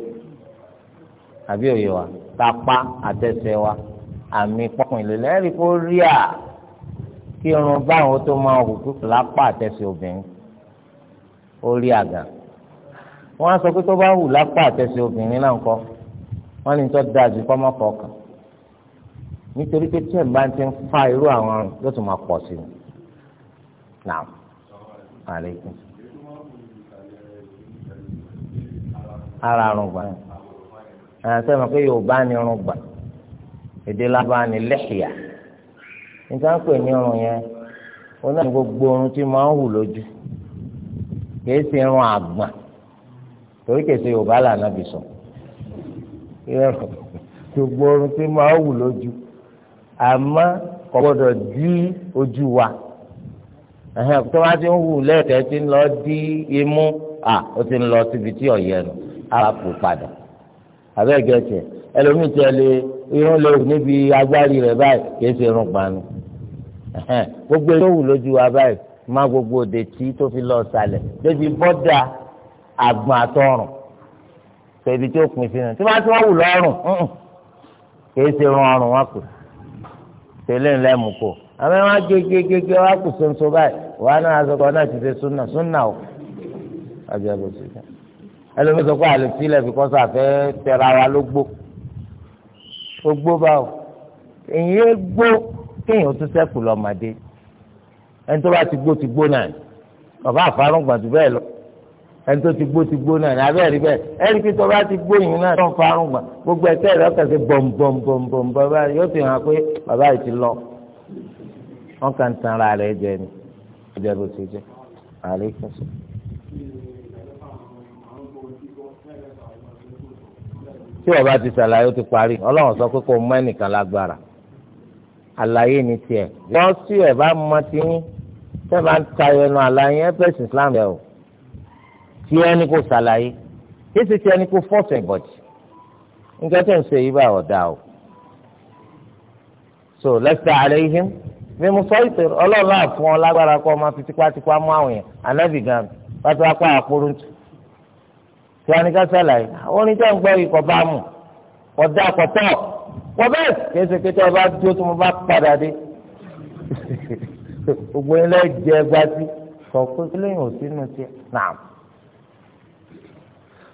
S1: àbí òye wa tapá àtẹsẹ̀ wa àmì pọ́kùnrin lélẹ́yìí ẹ̀rí kó rí à kí irun báwọn tó máa hù kúkú lápá àtẹsẹ̀ obìnrin ó rí àgà wọ́n á sọ pé tó bá hù lápá àtẹsẹ̀ obìnrin náà ń kọ́ wọ́n ní tó dáa jù kọ́ mọ́kọ̀ọ́kan nítorí pé tí ẹ̀ bá ti ń fa irú àwọn yóò tún máa pọ̀ sí i náà àlékún. ara arùngbà ẹ̀ ṣe mọ̀ pé yorùbá ni irùngbà èdè lábá ni lẹ́hìá níta ń pè ní irun yẹn ó náà ní gbogbo irun tí máa ń hù lójú kìí ṣe irun àgbà torí kìí ṣe yorùbá lànà bìsọ̀ gbogbo irun tí máa ń hù lójú àmọ́ kò gbọ́dọ̀ dí ojú wa tó bá ti ń wù lẹ́ẹ̀kẹ́ ti ń lọ dí imú à ó ti ń lọ síbi tí ọ̀yẹ́ nù á kú padà abẹ́ẹ̀gẹ́ tiẹ̀ ẹlòmíì tiẹ̀ lè irun lè wù níbi agbárí rẹ̀ báyìí kì í ṣe irun gbanu gbogbo èyí tó wù lójú wa báyìí má gbogbo òde tí tó fi lọ sálẹ̀ débi bọ́dà àgbọn àtọrùn tẹ̀bi tó pin sínú tí wọ́n ti wọ́n wù lọ́rùn kì í ṣe irun ọrùn wọn kù tẹ́lẹ̀ lẹ́mú kò àmọ́ wọn gégégégé wọn kù sonso báyìí wọn náà sọkọ náà ti ṣe súnà súnà o àjẹbù síta ẹlòmíín sọ pé àlùfí lẹ́bi kọ́ sọ àfẹ́ tẹ̀ra wa ló gbó ó gbó báwo èyí é gbó kéèyàn tún sẹ́kù lọ́mọdé ẹni tó bá ti gbó ti gbó náà bàbá àfarùngbọ̀n jù lọ ẹni tó ti gbó ti gbó náà ní abẹ́ rí bẹ́ẹ̀ ẹni tí tó bá ti gbó yìí náà tó ń farun gbà gbogbo ẹsẹ̀ rẹ̀ kàn sí bọ̀m̀bọ̀m̀bọ̀m̀ bàbá yóò fi hàn pé bàbá yìí ti lọ wọn kàn ń tan ara rẹ̀ jẹ ni ọjọ́ ìbò ti jẹ àlẹ́ ìfẹsẹ̀. tí wọ́n bá ti ṣàlàyé ó ti parí ọlọ́run sọ pé kò mọ ẹnìkan lágbára àlàyé ni tiẹ̀ wọ́n sí ẹ̀ bá mọ tiyín tẹ́ bá ń tayọ ẹnu àlàyé ẹ bẹ̀sìn Islam yẹ o tí wọn ní kò ṣàlàyé yéésì tí wọn ní kò fọ́ọ̀sì ẹ̀bọ̀jì nǹkan tó ń ṣe yìí bá ọ̀dà o so lasta alaihim bí mo sọ ìtò ọlọ́run àfún ọ lágbára kọ́ ọmọ fi tipátipá mú àwọn yẹn ànábì gan pátá apá àkóró tù tí wọn ní ká ṣàlàyé orin tó ń gbọ́ ikọ̀ bá mú ọ̀dà àkọ́tọ̀ wọ́n bẹ́ẹ̀ kéésì kété ọba dúró tó mo bá padà dé gbogbo ilé jẹ gbàtí sọ pé lẹ́yìn òsínú tiẹ̀ náà.